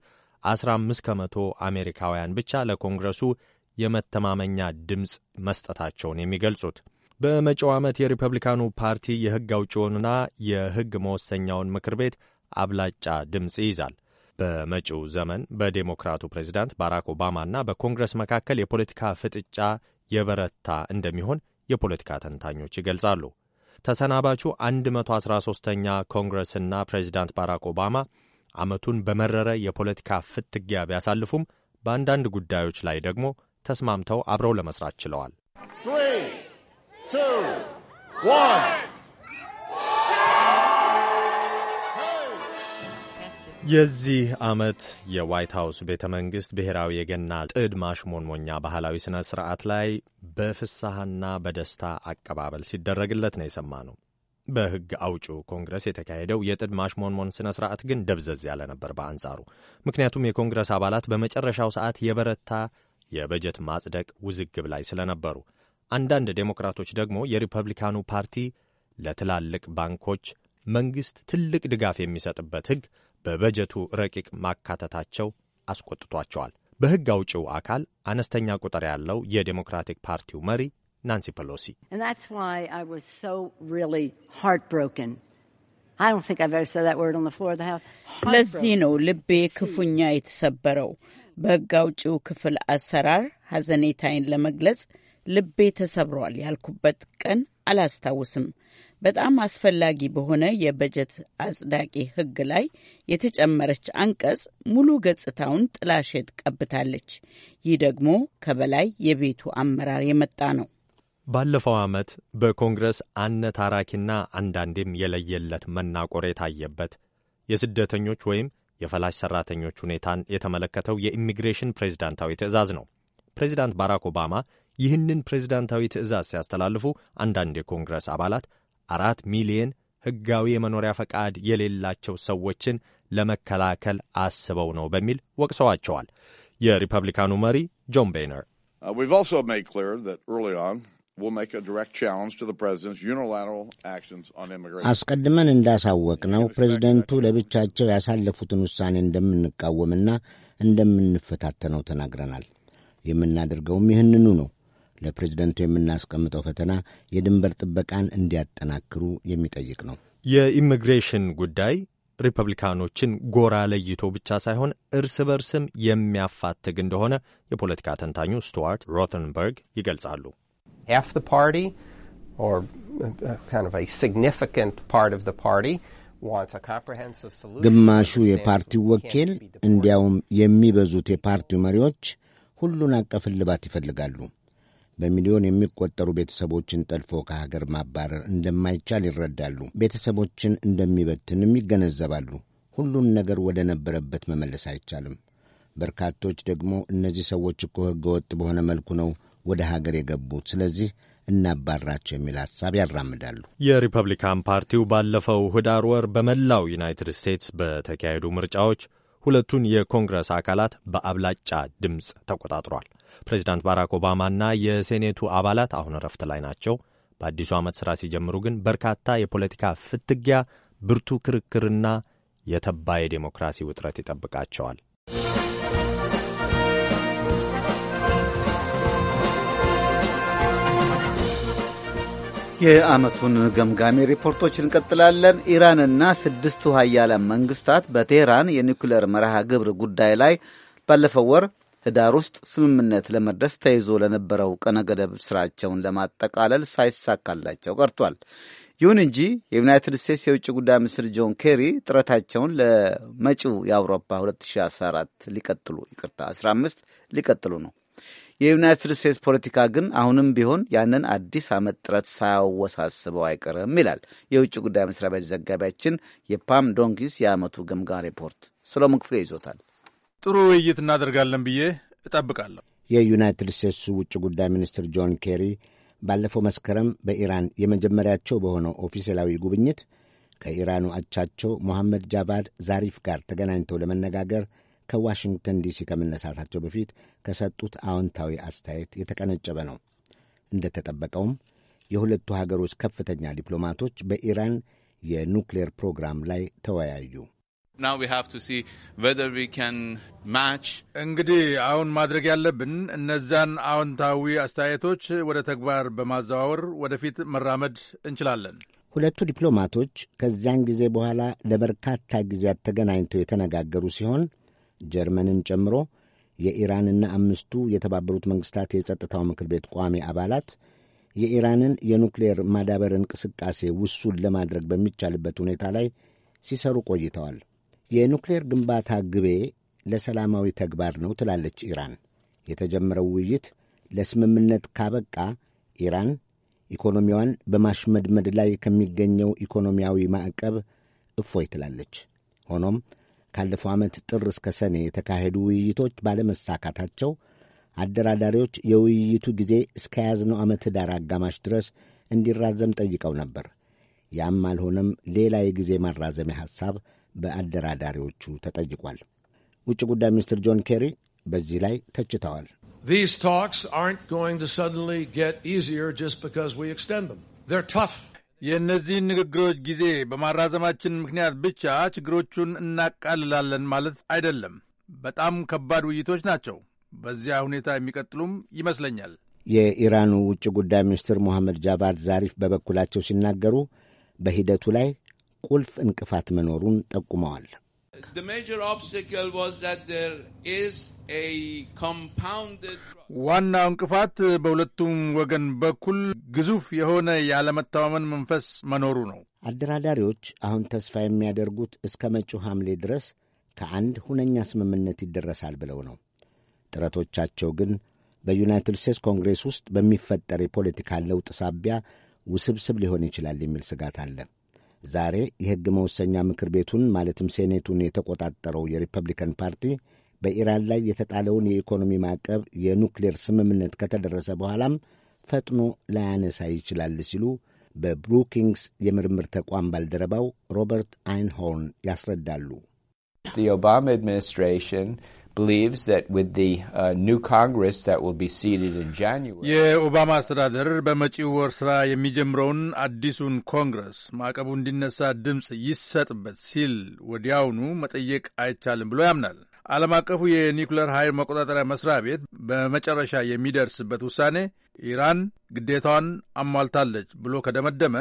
15 ከመቶ አሜሪካውያን ብቻ ለኮንግረሱ የመተማመኛ ድምፅ መስጠታቸውን የሚገልጹት። በመጪው ዓመት የሪፐብሊካኑ ፓርቲ የሕግ አውጪውንና የሕግ መወሰኛውን ምክር ቤት አብላጫ ድምፅ ይይዛል። በመጪው ዘመን በዴሞክራቱ ፕሬዚዳንት ባራክ ኦባማና በኮንግረስ መካከል የፖለቲካ ፍጥጫ የበረታ እንደሚሆን የፖለቲካ ተንታኞች ይገልጻሉ። ተሰናባቹ 113ኛ ኮንግረስና ፕሬዚዳንት ባራክ ኦባማ ዓመቱን በመረረ የፖለቲካ ፍትጊያ ቢያሳልፉም በአንዳንድ ጉዳዮች ላይ ደግሞ ተስማምተው አብረው ለመስራት ችለዋል። የዚህ ዓመት የዋይት ሀውስ ቤተ መንግሥት ብሔራዊ የገና ጥድ ማሽሞንሞኛ ባህላዊ ሥነ ሥርዓት ላይ በፍሳሐና በደስታ አቀባበል ሲደረግለት ነው የሰማነው። በሕግ አውጪው ኮንግረስ የተካሄደው የጥድ ማሽሞንሞን ሥነ ሥርዓት ግን ደብዘዝ ያለ ነበር በአንጻሩ። ምክንያቱም የኮንግረስ አባላት በመጨረሻው ሰዓት የበረታ የበጀት ማጽደቅ ውዝግብ ላይ ስለነበሩ፣ አንዳንድ ዴሞክራቶች ደግሞ የሪፐብሊካኑ ፓርቲ ለትላልቅ ባንኮች መንግሥት ትልቅ ድጋፍ የሚሰጥበት ሕግ በበጀቱ ረቂቅ ማካተታቸው አስቆጥቷቸዋል። በሕግ አውጪው አካል አነስተኛ ቁጥር ያለው የዴሞክራቲክ ፓርቲው መሪ ናንሲ ፔሎሲ ለዚህ ነው ልቤ ክፉኛ የተሰበረው። በሕግ አውጪው ክፍል አሰራር ሐዘኔታዬን ለመግለጽ ልቤ ተሰብሯል ያልኩበት ቀን አላስታውስም። በጣም አስፈላጊ በሆነ የበጀት አጽዳቂ ሕግ ላይ የተጨመረች አንቀጽ ሙሉ ገጽታውን ጥላሸት ቀብታለች። ይህ ደግሞ ከበላይ የቤቱ አመራር የመጣ ነው። ባለፈው ዓመት በኮንግረስ አነታራኪና አንዳንዴም የለየለት መናቆር የታየበት የስደተኞች ወይም የፈላሽ ሠራተኞች ሁኔታን የተመለከተው የኢሚግሬሽን ፕሬዝዳንታዊ ትዕዛዝ ነው። ፕሬዚዳንት ባራክ ኦባማ ይህንን ፕሬዝዳንታዊ ትዕዛዝ ሲያስተላልፉ አንዳንድ የኮንግረስ አባላት አራት ሚሊየን ሕጋዊ የመኖሪያ ፈቃድ የሌላቸው ሰዎችን ለመከላከል አስበው ነው በሚል ወቅሰዋቸዋል። የሪፐብሊካኑ መሪ ጆን ቤይነር uh, አስቀድመን እንዳሳወቅ ነው ፕሬዚደንቱ ለብቻቸው ያሳለፉትን ውሳኔ እንደምንቃወምና እንደምንፈታተነው ተናግረናል። የምናደርገውም ይህንኑ ነው። ለፕሬዝደንቱ የምናስቀምጠው ፈተና የድንበር ጥበቃን እንዲያጠናክሩ የሚጠይቅ ነው። የኢሚግሬሽን ጉዳይ ሪፐብሊካኖችን ጎራ ለይቶ ብቻ ሳይሆን እርስ በርስም የሚያፋትግ እንደሆነ የፖለቲካ ተንታኙ ስቱዋርት ሮተንበርግ ይገልጻሉ። uh, ግማሹ የፓርቲው ወኪል እንዲያውም የሚበዙት የፓርቲው መሪዎች ሁሉን አቀፍ እልባት ይፈልጋሉ። በሚሊዮን የሚቆጠሩ ቤተሰቦችን ጠልፎ ከሀገር ማባረር እንደማይቻል ይረዳሉ። ቤተሰቦችን እንደሚበትንም ይገነዘባሉ። ሁሉን ነገር ወደ ነበረበት መመለስ አይቻልም። በርካቶች ደግሞ እነዚህ ሰዎች እኮ ህገወጥ በሆነ መልኩ ነው ወደ ሀገር የገቡት፣ ስለዚህ እናባራቸው የሚል ሀሳብ ያራምዳሉ። የሪፐብሊካን ፓርቲው ባለፈው ህዳር ወር በመላው ዩናይትድ ስቴትስ በተካሄዱ ምርጫዎች ሁለቱን የኮንግረስ አካላት በአብላጫ ድምፅ ተቆጣጥሯል። ፕሬዚዳንት ባራክ ኦባማና የሴኔቱ አባላት አሁን እረፍት ላይ ናቸው። በአዲሱ ዓመት ሥራ ሲጀምሩ ግን በርካታ የፖለቲካ ፍትጊያ፣ ብርቱ ክርክርና የተባ የዴሞክራሲ ውጥረት ይጠብቃቸዋል። የዓመቱን ገምጋሚ ሪፖርቶች እንቀጥላለን። ኢራንና ስድስቱ ሀያላን መንግስታት በቴህራን የኒኩሌር መርሃ ግብር ጉዳይ ላይ ባለፈው ወር ህዳር ውስጥ ስምምነት ለመድረስ ተይዞ ለነበረው ቀነ ገደብ ስራቸውን ለማጠቃለል ሳይሳካላቸው ቀርቷል። ይሁን እንጂ የዩናይትድ ስቴትስ የውጭ ጉዳይ ሚኒስትር ጆን ኬሪ ጥረታቸውን ለመጪው የአውሮፓ 2014 ሊቀጥሉ ይቅርታ 15 ሊቀጥሉ ነው የዩናይትድ ስቴትስ ፖለቲካ ግን አሁንም ቢሆን ያንን አዲስ ዓመት ጥረት ሳያወሳስበው አይቀርም ይላል የውጭ ጉዳይ መስሪያ ቤት ዘጋቢያችን የፓም ዶንጊስ የዓመቱ ግምገማ ሪፖርት። ሰሎሞን ክፍሌ ይዞታል። ጥሩ ውይይት እናደርጋለን ብዬ እጠብቃለሁ። የዩናይትድ ስቴትስ ውጭ ጉዳይ ሚኒስትር ጆን ኬሪ ባለፈው መስከረም በኢራን የመጀመሪያቸው በሆነው ኦፊሴላዊ ጉብኝት ከኢራኑ አቻቸው ሞሐመድ ጃቫድ ዛሪፍ ጋር ተገናኝተው ለመነጋገር ከዋሽንግተን ዲሲ ከመነሳታቸው በፊት ከሰጡት አዎንታዊ አስተያየት የተቀነጨበ ነው። እንደተጠበቀውም የሁለቱ ሀገሮች ከፍተኛ ዲፕሎማቶች በኢራን የኑክሌር ፕሮግራም ላይ ተወያዩ። እንግዲህ አሁን ማድረግ ያለብን እነዚያን አዎንታዊ አስተያየቶች ወደ ተግባር በማዘዋወር ወደፊት መራመድ እንችላለን። ሁለቱ ዲፕሎማቶች ከዚያን ጊዜ በኋላ ለበርካታ ጊዜያት ተገናኝተው የተነጋገሩ ሲሆን ጀርመንን ጨምሮ የኢራንና አምስቱ የተባበሩት መንግሥታት የጸጥታው ምክር ቤት ቋሚ አባላት የኢራንን የኑክሌር ማዳበር እንቅስቃሴ ውሱን ለማድረግ በሚቻልበት ሁኔታ ላይ ሲሰሩ ቆይተዋል። የኑክሌር ግንባታ ግቤ ለሰላማዊ ተግባር ነው ትላለች ኢራን። የተጀመረው ውይይት ለስምምነት ካበቃ ኢራን ኢኮኖሚዋን በማሽመድመድ ላይ ከሚገኘው ኢኮኖሚያዊ ማዕቀብ እፎይ ትላለች። ሆኖም ካለፈው ዓመት ጥር እስከ ሰኔ የተካሄዱ ውይይቶች ባለመሳካታቸው አደራዳሪዎች የውይይቱ ጊዜ እስከ ያዝነው ዓመት ኅዳር አጋማሽ ድረስ እንዲራዘም ጠይቀው ነበር። ያም አልሆነም። ሌላ የጊዜ ማራዘሚያ ሐሳብ በአደራዳሪዎቹ ተጠይቋል። ውጭ ጉዳይ ሚኒስትር ጆን ኬሪ በዚህ ላይ ተችተዋል። These talks aren't going to suddenly get easier just because we extend them. They're tough. የእነዚህን ንግግሮች ጊዜ በማራዘማችን ምክንያት ብቻ ችግሮቹን እናቃልላለን ማለት አይደለም። በጣም ከባድ ውይይቶች ናቸው። በዚያ ሁኔታ የሚቀጥሉም ይመስለኛል። የኢራኑ ውጭ ጉዳይ ሚኒስትር ሞሐመድ ጃቫድ ዛሪፍ በበኩላቸው ሲናገሩ በሂደቱ ላይ ቁልፍ እንቅፋት መኖሩን ጠቁመዋል። ዋና እንቅፋት በሁለቱም ወገን በኩል ግዙፍ የሆነ ያለመተማመን መንፈስ መኖሩ ነው። አደራዳሪዎች አሁን ተስፋ የሚያደርጉት እስከ መጪው ሐምሌ ድረስ ከአንድ ሁነኛ ስምምነት ይደረሳል ብለው ነው። ጥረቶቻቸው ግን በዩናይትድ ስቴትስ ኮንግሬስ ውስጥ በሚፈጠር የፖለቲካ ለውጥ ሳቢያ ውስብስብ ሊሆን ይችላል የሚል ስጋት አለ። ዛሬ የሕግ መወሰኛ ምክር ቤቱን ማለትም ሴኔቱን የተቆጣጠረው የሪፐብሊካን ፓርቲ በኢራን ላይ የተጣለውን የኢኮኖሚ ማዕቀብ የኑክሌር ስምምነት ከተደረሰ በኋላም ፈጥኖ ላያነሳ ይችላል ሲሉ በብሩኪንግስ የምርምር ተቋም ባልደረባው ሮበርት አይንሆርን ያስረዳሉ። uh, የኦባማ አስተዳደር በመጪው ወር ሥራ የሚጀምረውን አዲሱን ኮንግረስ ማዕቀቡ እንዲነሳ ድምፅ ይሰጥበት ሲል ወዲያውኑ መጠየቅ አይቻልም ብሎ ያምናል። ዓለም አቀፉ የኒውክሌር ኃይል መቆጣጠሪያ መስሪያ ቤት በመጨረሻ የሚደርስበት ውሳኔ ኢራን ግዴታዋን አሟልታለች ብሎ ከደመደመ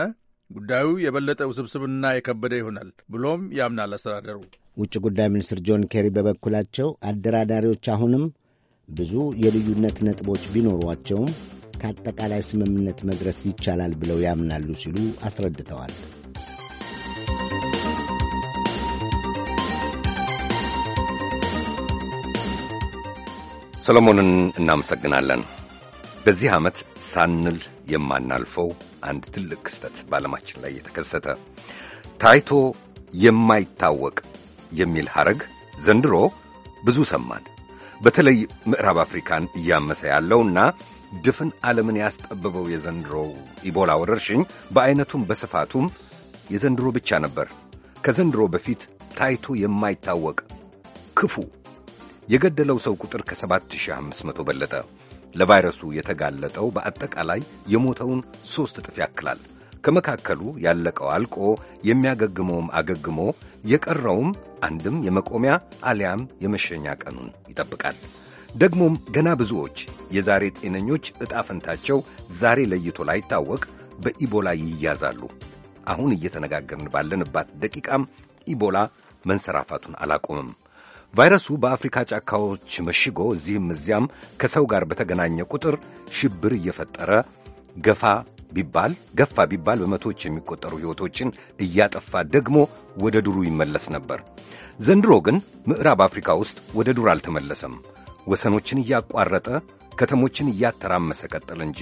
ጉዳዩ የበለጠ ውስብስብና የከበደ ይሆናል ብሎም ያምናል አስተዳደሩ። ውጭ ጉዳይ ሚኒስትር ጆን ኬሪ በበኩላቸው አደራዳሪዎች አሁንም ብዙ የልዩነት ነጥቦች ቢኖሯቸውም ከአጠቃላይ ስምምነት መድረስ ይቻላል ብለው ያምናሉ ሲሉ አስረድተዋል። ሰሎሞንን እናመሰግናለን። በዚህ ዓመት ሳንል የማናልፈው አንድ ትልቅ ክስተት በዓለማችን ላይ የተከሰተ ታይቶ የማይታወቅ የሚል ሐረግ ዘንድሮ ብዙ ሰማን። በተለይ ምዕራብ አፍሪካን እያመሰ ያለውና ድፍን ዓለምን ያስጠበበው የዘንድሮ ኢቦላ ወረርሽኝ በዐይነቱም በስፋቱም የዘንድሮ ብቻ ነበር። ከዘንድሮ በፊት ታይቶ የማይታወቅ ክፉ የገደለው ሰው ቁጥር ከ7500 በለጠ። ለቫይረሱ የተጋለጠው በአጠቃላይ የሞተውን ሦስት እጥፍ ያክላል። ከመካከሉ ያለቀው አልቆ የሚያገግመውም አገግሞ የቀረውም አንድም የመቆሚያ አሊያም የመሸኛ ቀኑን ይጠብቃል። ደግሞም ገና ብዙዎች የዛሬ ጤነኞች ዕጣ ፈንታቸው ዛሬ ለይቶ ላይታወቅ በኢቦላ ይያዛሉ። አሁን እየተነጋገርን ባለንባት ደቂቃም ኢቦላ መንሰራፋቱን አላቆምም። ቫይረሱ በአፍሪካ ጫካዎች መሽጎ እዚህም እዚያም ከሰው ጋር በተገናኘ ቁጥር ሽብር እየፈጠረ ገፋ ቢባል ገፋ ቢባል በመቶዎች የሚቆጠሩ ሕይወቶችን እያጠፋ ደግሞ ወደ ዱሩ ይመለስ ነበር። ዘንድሮ ግን ምዕራብ አፍሪካ ውስጥ ወደ ዱር አልተመለሰም። ወሰኖችን እያቋረጠ ከተሞችን እያተራመሰ ቀጥል እንጂ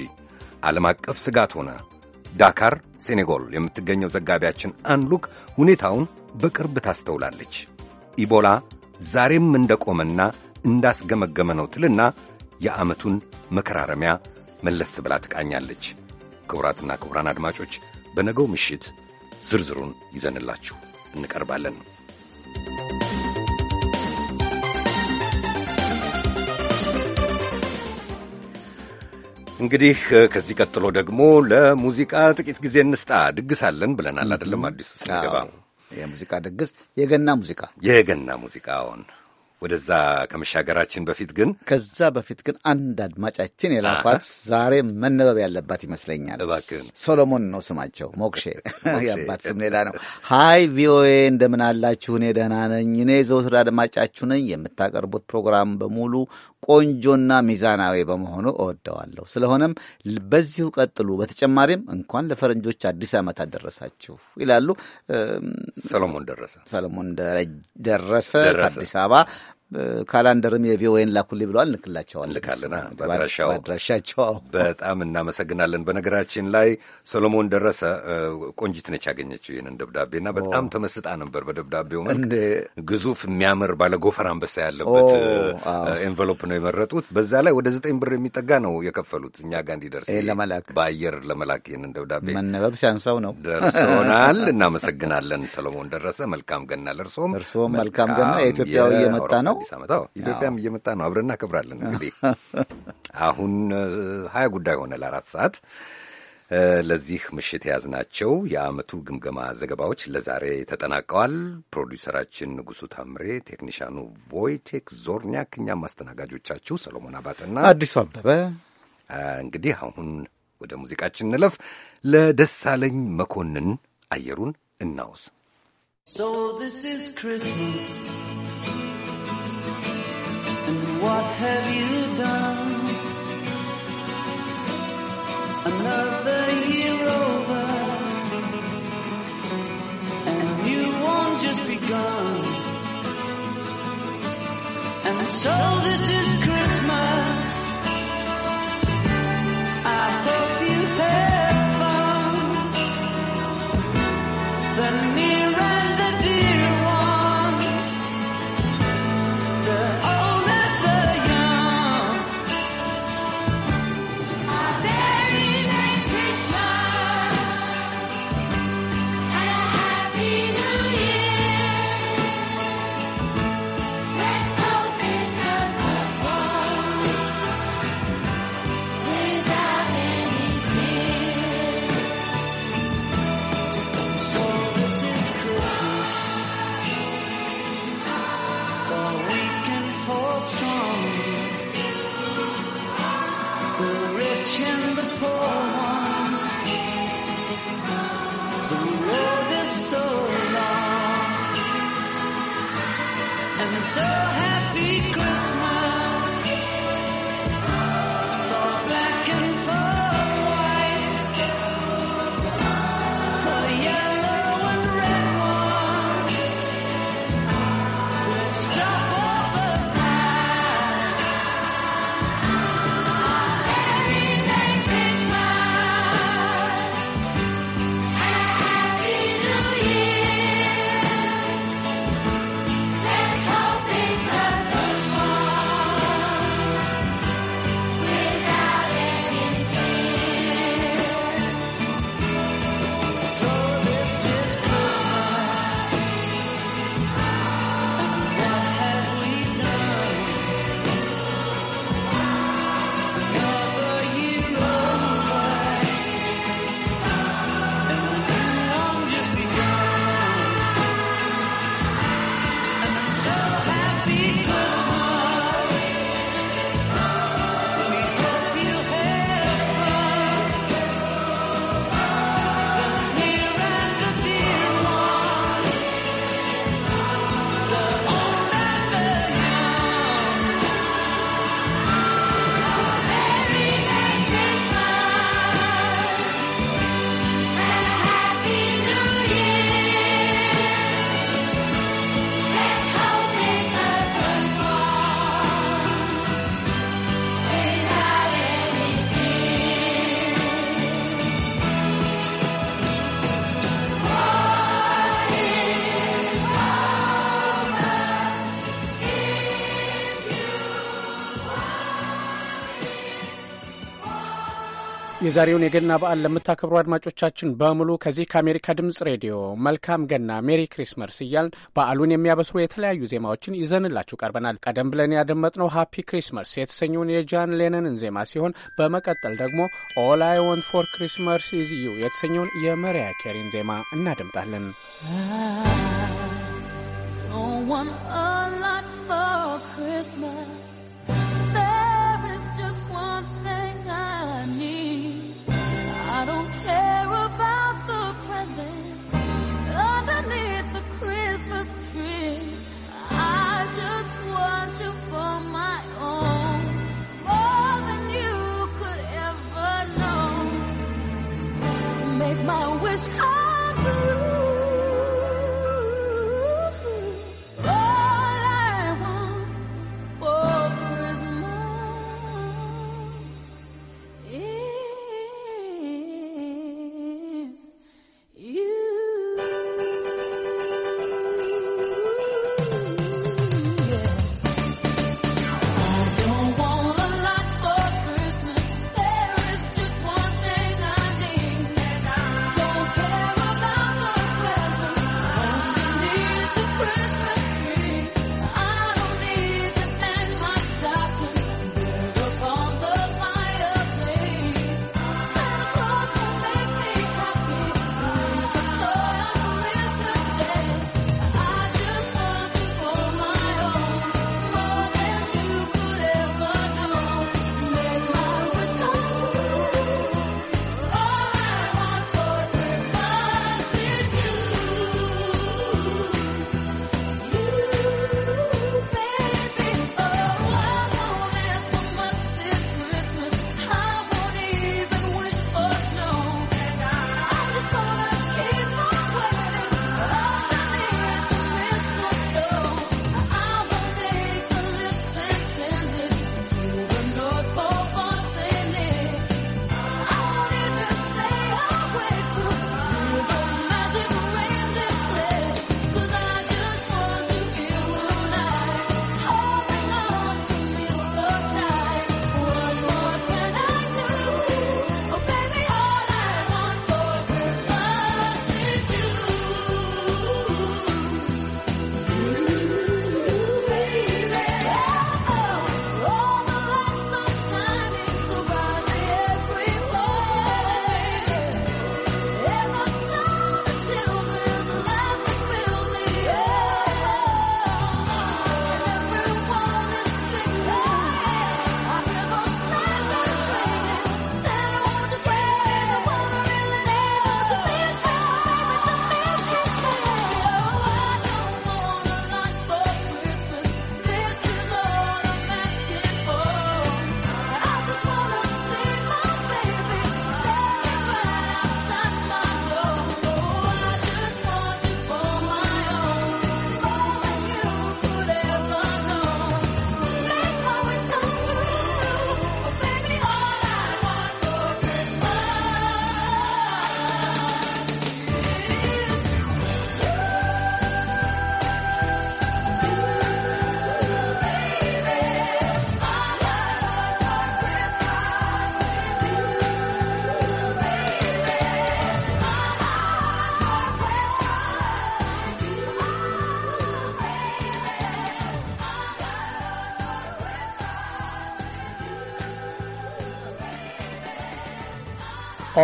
ዓለም አቀፍ ስጋት ሆነ። ዳካር ሴኔጎል የምትገኘው ዘጋቢያችን አንሉክ ሁኔታውን በቅርብ ታስተውላለች። ኢቦላ ዛሬም እንደቆመና እንዳስገመገመ ነው ትልና የዓመቱን መከራረሚያ መለስ ብላ ትቃኛለች። ክቡራትና ክቡራን አድማጮች በነገው ምሽት ዝርዝሩን ይዘንላችሁ እንቀርባለን። እንግዲህ ከዚህ ቀጥሎ ደግሞ ለሙዚቃ ጥቂት ጊዜ እንስጣ። ድግሳለን ብለናል አይደለም? አዲሱ ስንገባ የሙዚቃ ድግስ የገና ሙዚቃ የገና አሁን ወደዛ ከመሻገራችን በፊት ግን ከዛ በፊት ግን አንድ አድማጫችን የላኳት ዛሬ መነበብ ያለባት ይመስለኛል። እባክህን ሶሎሞን ነው ስማቸው። ሞክሼ የአባት ስም ሌላ ነው። ሀይ ቪኦኤ እንደምን አላችሁ? እኔ ደህና ነኝ። እኔ ዘውትር አድማጫችሁ ነኝ። የምታቀርቡት ፕሮግራም በሙሉ ቆንጆና ሚዛናዊ በመሆኑ እወደዋለሁ። ስለሆነም በዚሁ ቀጥሉ። በተጨማሪም እንኳን ለፈረንጆች አዲስ ዓመት አደረሳችሁ ይላሉ። ሰሎሞን ደረሰ ሰሎሞን ደረሰ አዲስ አበባ ካላንደርም የቪኦኤን ላኩልኝ ብለዋል። እንልክላቸዋል ልካልና በአድራሻቸው በጣም እናመሰግናለን። በነገራችን ላይ ሰሎሞን ደረሰ ቆንጂት ነች ያገኘችው ይህንን ደብዳቤ ደብዳቤና በጣም ተመስጣ ነበር። በደብዳቤው መልክ ግዙፍ የሚያምር ባለ ጎፈር አንበሳ ያለበት ኤንቨሎፕ ነው የመረጡት። በዛ ላይ ወደ ዘጠኝ ብር የሚጠጋ ነው የከፈሉት እኛ ጋር እንዲደርስ ለመላክ በአየር ለመላክ ይህንን ደብዳቤ መነበብ ሲያንሰው ነው ደርሶናል። እናመሰግናለን ሰሎሞን ደረሰ። መልካም ገና ለእርሶም፣ እርሶም መልካም ገና። የኢትዮጵያዊ የመጣ ነው አዲስ ዓመት ኢትዮጵያም እየመጣ ነው። አብረን እናከብራለን። እንግዲህ አሁን ሀያ ጉዳይ ሆነ ለአራት ሰዓት ለዚህ ምሽት የያዝናቸው የዓመቱ ግምገማ ዘገባዎች ለዛሬ ተጠናቀዋል። ፕሮዲውሰራችን ንጉሱ ታምሬ፣ ቴክኒሻኑ ቮይቴክ ዞርኒያክ፣ እኛም አስተናጋጆቻችሁ ሰሎሞን አባትና አዲሱ አበበ። እንግዲህ አሁን ወደ ሙዚቃችን እንለፍ። ለደሳለኝ መኮንን አየሩን እናውስ። So this is Christmas. what have you done? Another year over, and you won't just begun. And so this is. የዛሬውን የገና በዓል ለምታከብሩ አድማጮቻችን በሙሉ ከዚህ ከአሜሪካ ድምፅ ሬዲዮ መልካም ገና ሜሪ ክሪስመስ እያልን በዓሉን የሚያበስሩ የተለያዩ ዜማዎችን ይዘንላችሁ ቀርበናል። ቀደም ብለን ያደመጥነው ሃፒ ክሪስመስ የተሰኘውን የጃን ሌነንን ዜማ ሲሆን በመቀጠል ደግሞ ኦል አይ ወንት ፎር ክሪስመስ ኢዝ ዩ የተሰኘውን የመሪያ ኬሪን ዜማ እናደምጣለን። I don't want a lot for Christmas.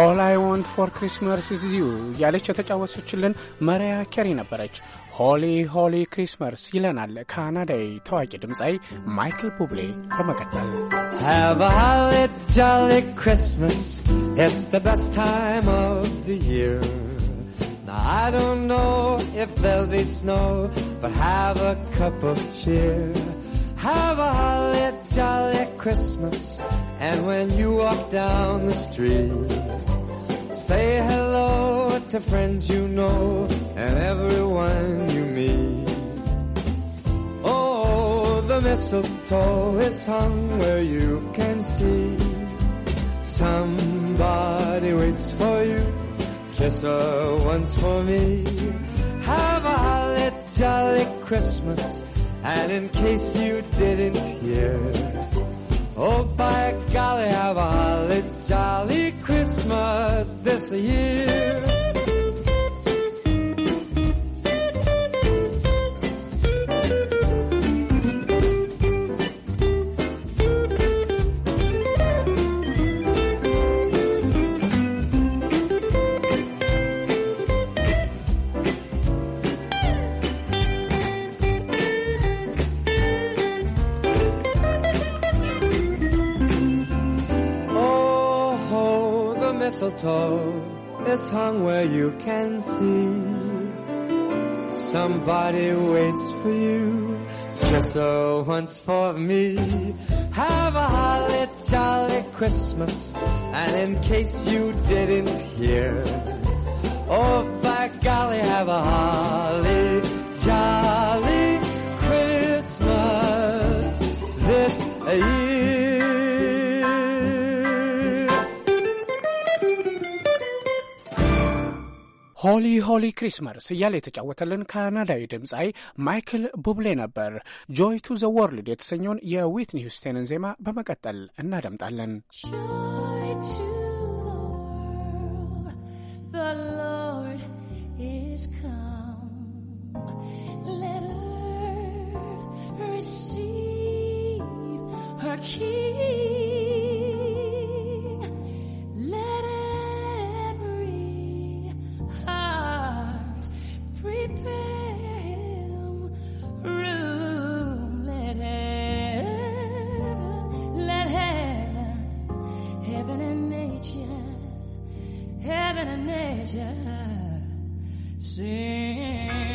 ኦል አይ ዋንት ፎር ክሪስማስ ኢዝ ዩ እያለች የተጫወተችልን መሪያ ኬሪ ነበረች። ሆሊ ሆሊ ክሪስማስ ይለናል ካናዳዊ ታዋቂ ድምፃዊ ማይክል ቡብሌ በመቀጠል Have a holly jolly Christmas It's the best time of the year Now I don't know if there'll be snow But have a cup of cheer have a holly jolly Christmas. And when you walk down the street, say hello to friends you know and everyone you meet. Oh, the mistletoe is hung where you can see. Somebody waits for you. Kiss her once for me. Have a holly jolly Christmas. And in case you didn't hear, oh by golly, have a holly jolly Christmas this year. mistletoe is hung where you can see. Somebody waits for you, just so once for me. Have a holly jolly Christmas, and in case you didn't hear, oh by golly, have a holly jolly Christmas this year. Uh, ሆሊ ሆሊ ክሪስመስ እያለ የተጫወተልን ካናዳዊ ድምፃዊ ማይክል ቡብሌ ነበር። ጆይ ቱ ዘ ወርልድ የተሰኘውን የዊትኒ ሁስቴንን ዜማ በመቀጠል እናደምጣለን። her King. and nature sing.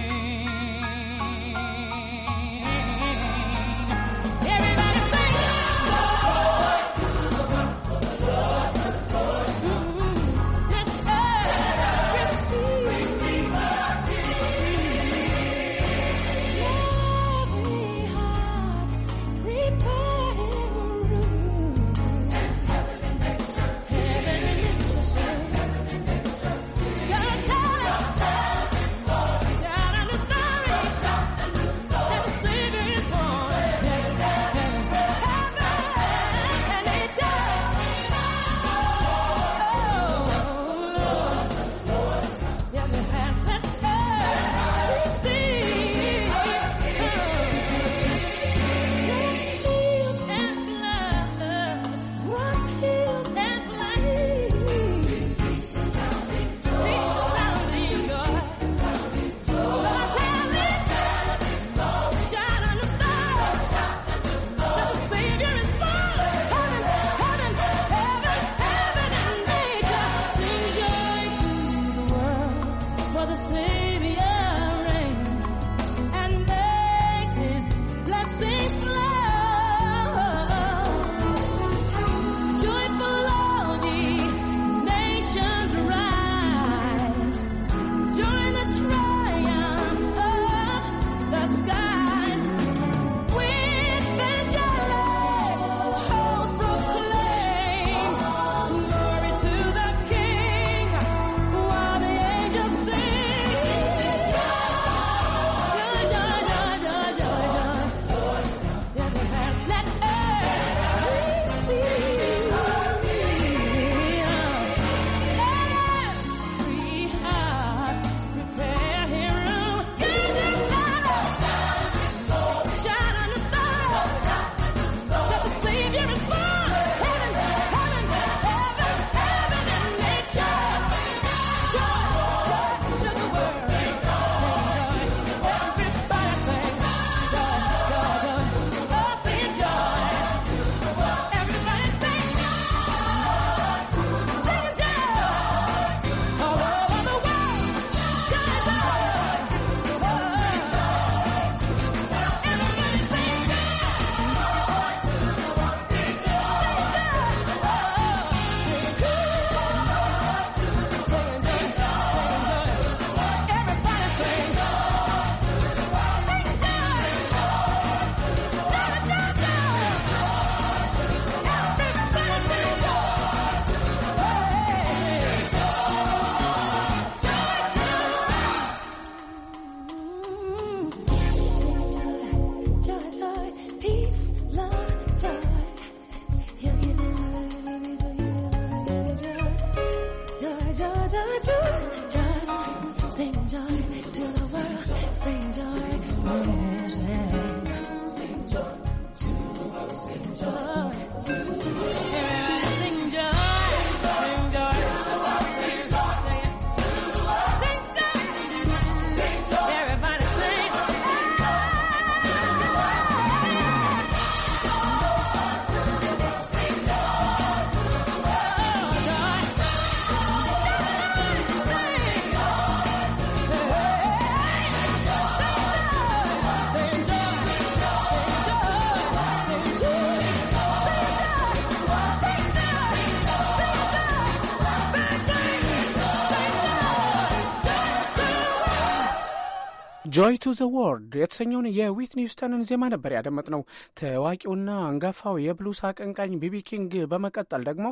ጆይ ቱ ዘ ወርልድ የተሰኘውን የዊትኒ ሂውስተንን ዜማ ነበር ያደመጥ ነው። ታዋቂውና አንጋፋው የብሉስ አቀንቃኝ ቢቢ ኪንግ በመቀጠል ደግሞ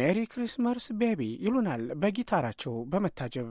ሜሪ ክሪስመስ ቤቢ ይሉናል በጊታራቸው በመታጀብ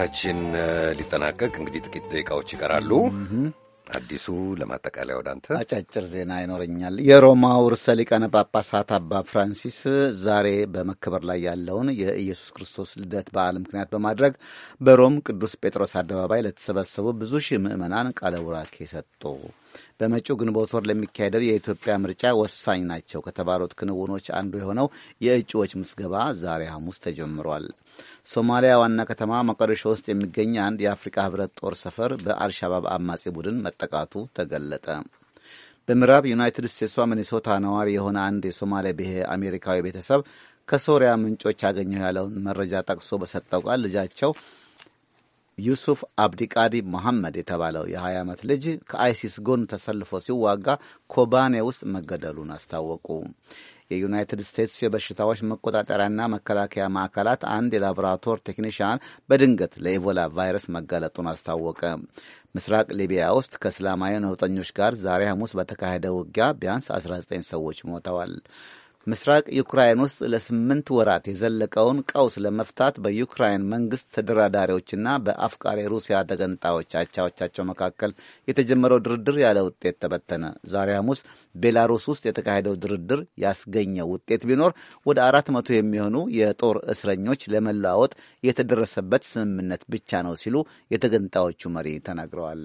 ዝግጅታችን ሊጠናቀቅ እንግዲህ ጥቂት ደቂቃዎች ይቀራሉ። አዲሱ ለማጠቃለያ ወደ አንተ አጫጭር ዜና ይኖረኛል። የሮማው ርዕሰ ሊቃነ ጳጳሳት አባ ፍራንሲስ ዛሬ በመከበር ላይ ያለውን የኢየሱስ ክርስቶስ ልደት በዓል ምክንያት በማድረግ በሮም ቅዱስ ጴጥሮስ አደባባይ ለተሰበሰቡ ብዙ ሺህ ምዕመናን ቃለ ቡራኬ ሰጡ። በመጪው ግንቦት ወር ለሚካሄደው የኢትዮጵያ ምርጫ ወሳኝ ናቸው ከተባሉት ክንውኖች አንዱ የሆነው የእጩዎች ምዝገባ ዛሬ ሐሙስ ተጀምሯል። ሶማሊያ ዋና ከተማ መቀደሾ ውስጥ የሚገኝ አንድ የአፍሪካ ህብረት ጦር ሰፈር በአልሻባብ አማጺ ቡድን መጠቃቱ ተገለጠ። በምዕራብ ዩናይትድ ስቴትሷ ሚኒሶታ ነዋሪ የሆነ አንድ የሶማሊያ ብሔር አሜሪካዊ ቤተሰብ ከሶሪያ ምንጮች ያገኘው ያለውን መረጃ ጠቅሶ በሰጠው ቃል ልጃቸው ዩሱፍ አብዲቃዲ መሐመድ የተባለው የ20 ዓመት ልጅ ከአይሲስ ጎን ተሰልፎ ሲዋጋ ኮባኔ ውስጥ መገደሉን አስታወቁ። የዩናይትድ ስቴትስ የበሽታዎች መቆጣጠሪያና መከላከያ ማዕከላት አንድ የላቦራቶር ቴክኒሽያን በድንገት ለኢቦላ ቫይረስ መጋለጡን አስታወቀ። ምስራቅ ሊቢያ ውስጥ ከእስላማዊ ነውጠኞች ጋር ዛሬ ሐሙስ በተካሄደ ውጊያ ቢያንስ 19 ሰዎች ሞተዋል። ምስራቅ ዩክራይን ውስጥ ለስምንት ወራት የዘለቀውን ቀውስ ለመፍታት በዩክራይን መንግስት ተደራዳሪዎችና በአፍቃሪ ሩሲያ ተገንጣዮች አቻዎቻቸው መካከል የተጀመረው ድርድር ያለ ውጤት ተበተነ። ዛሬ ሐሙስ ቤላሩስ ውስጥ የተካሄደው ድርድር ያስገኘው ውጤት ቢኖር ወደ አራት መቶ የሚሆኑ የጦር እስረኞች ለመለዋወጥ የተደረሰበት ስምምነት ብቻ ነው ሲሉ የተገንጣዮቹ መሪ ተናግረዋል።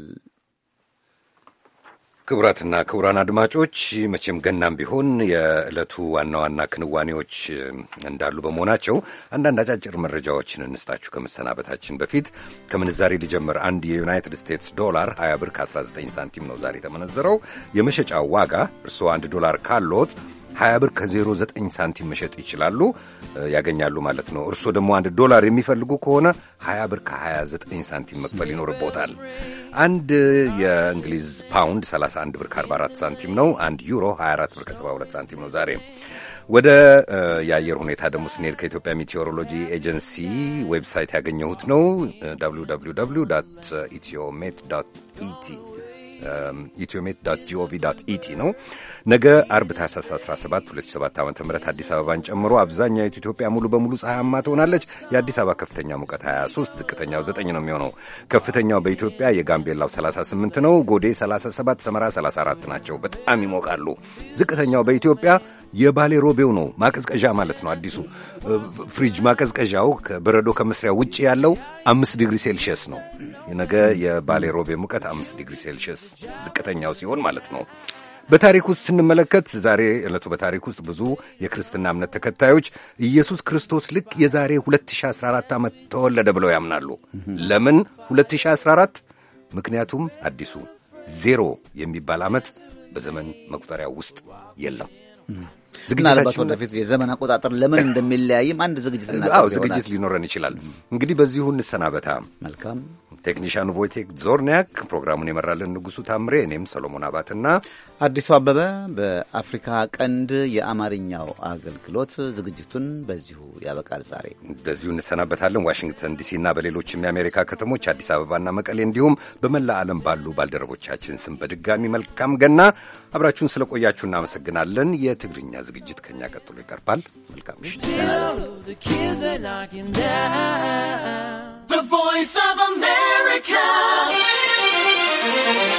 ክቡራትና ክቡራን አድማጮች መቼም ገናም ቢሆን የዕለቱ ዋና ዋና ክንዋኔዎች እንዳሉ በመሆናቸው አንዳንድ አጫጭር መረጃዎችን እንስጣችሁ። ከመሰናበታችን በፊት ከምንዛሬ ሊጀምር አንድ የዩናይትድ ስቴትስ ዶላር 20 ብር ከ19 ሳንቲም ነው ዛሬ የተመነዘረው። የመሸጫ ዋጋ እርስዎ 1 ዶላር ካሎት 20 ብር ከ09 ሳንቲም መሸጥ ይችላሉ ያገኛሉ ማለት ነው። እርስዎ ደግሞ አንድ ዶላር የሚፈልጉ ከሆነ 20 ብር ከ29 ሳንቲም መክፈል ይኖርቦታል። አንድ የእንግሊዝ ፓውንድ 31 ብር ከ44 ሳንቲም ነው። አንድ ዩሮ 24 ብር ከ72 ሳንቲም ነው ዛሬ ወደ የአየር ሁኔታ ደግሞ ስንሄድ ከኢትዮጵያ ሜቴዎሮሎጂ ኤጀንሲ ዌብሳይት ያገኘሁት ነው። ኢትዮሜት ኢቲ ኢትዮሜት um, ጂኦቪ e ነው። ነገ አርብ ታህሳስ 17 2007 ዓ ም አዲስ አበባን ጨምሮ አብዛኛ ኢትዮጵያ ሙሉ በሙሉ ፀሐያማ ትሆናለች። የአዲስ አበባ ከፍተኛ ሙቀት 23፣ ዝቅተኛው 9 ነው የሚሆነው። ከፍተኛው በኢትዮጵያ የጋምቤላው 38 ነው። ጎዴ 37፣ ሰመራ 34 ናቸው። በጣም ይሞቃሉ። ዝቅተኛው በኢትዮጵያ የባሌ ሮቤው ነው ማቀዝቀዣ ማለት ነው። አዲሱ ፍሪጅ ማቀዝቀዣው በረዶ ከመስሪያ ውጭ ያለው አምስት ዲግሪ ሴልሽየስ ነው። ነገ የባሌ ሮቤ ሙቀት አምስት ዲግሪ ሴልሽየስ ዝቅተኛው ሲሆን ማለት ነው። በታሪክ ውስጥ ስንመለከት ዛሬ ዕለቱ በታሪክ ውስጥ ብዙ የክርስትና እምነት ተከታዮች ኢየሱስ ክርስቶስ ልክ የዛሬ 2014 ዓመት ተወለደ ብለው ያምናሉ። ለምን 2014? ምክንያቱም አዲሱ ዜሮ የሚባል ዓመት በዘመን መቁጠሪያ ውስጥ የለም። ምናልባት ወደፊት የዘመን አቆጣጠር ለምን እንደሚለያይም አንድ ዝግጅት ዝግጅት ሊኖረን ይችላል። እንግዲህ በዚሁ እንሰናበታ። መልካም ቴክኒሻኑ ቮይቴክ ዞርኒያክ፣ ፕሮግራሙን የመራልን ንጉሱ ታምሬ፣ እኔም ሰሎሞን አባትና አዲሱ አበበ በአፍሪካ ቀንድ የአማርኛው አገልግሎት ዝግጅቱን በዚሁ ያበቃል። ዛሬ በዚሁ እንሰናበታለን። ዋሽንግተን ዲሲ እና በሌሎችም የአሜሪካ ከተሞች አዲስ አበባና መቀሌ እንዲሁም በመላ ዓለም ባሉ ባልደረቦቻችን ስም በድጋሚ መልካም ገና አብራችሁን ስለቆያችሁ እናመሰግናለን። የትግርኛ ዝግጅት ከኛ ቀጥሎ ይቀርባል። መልካም The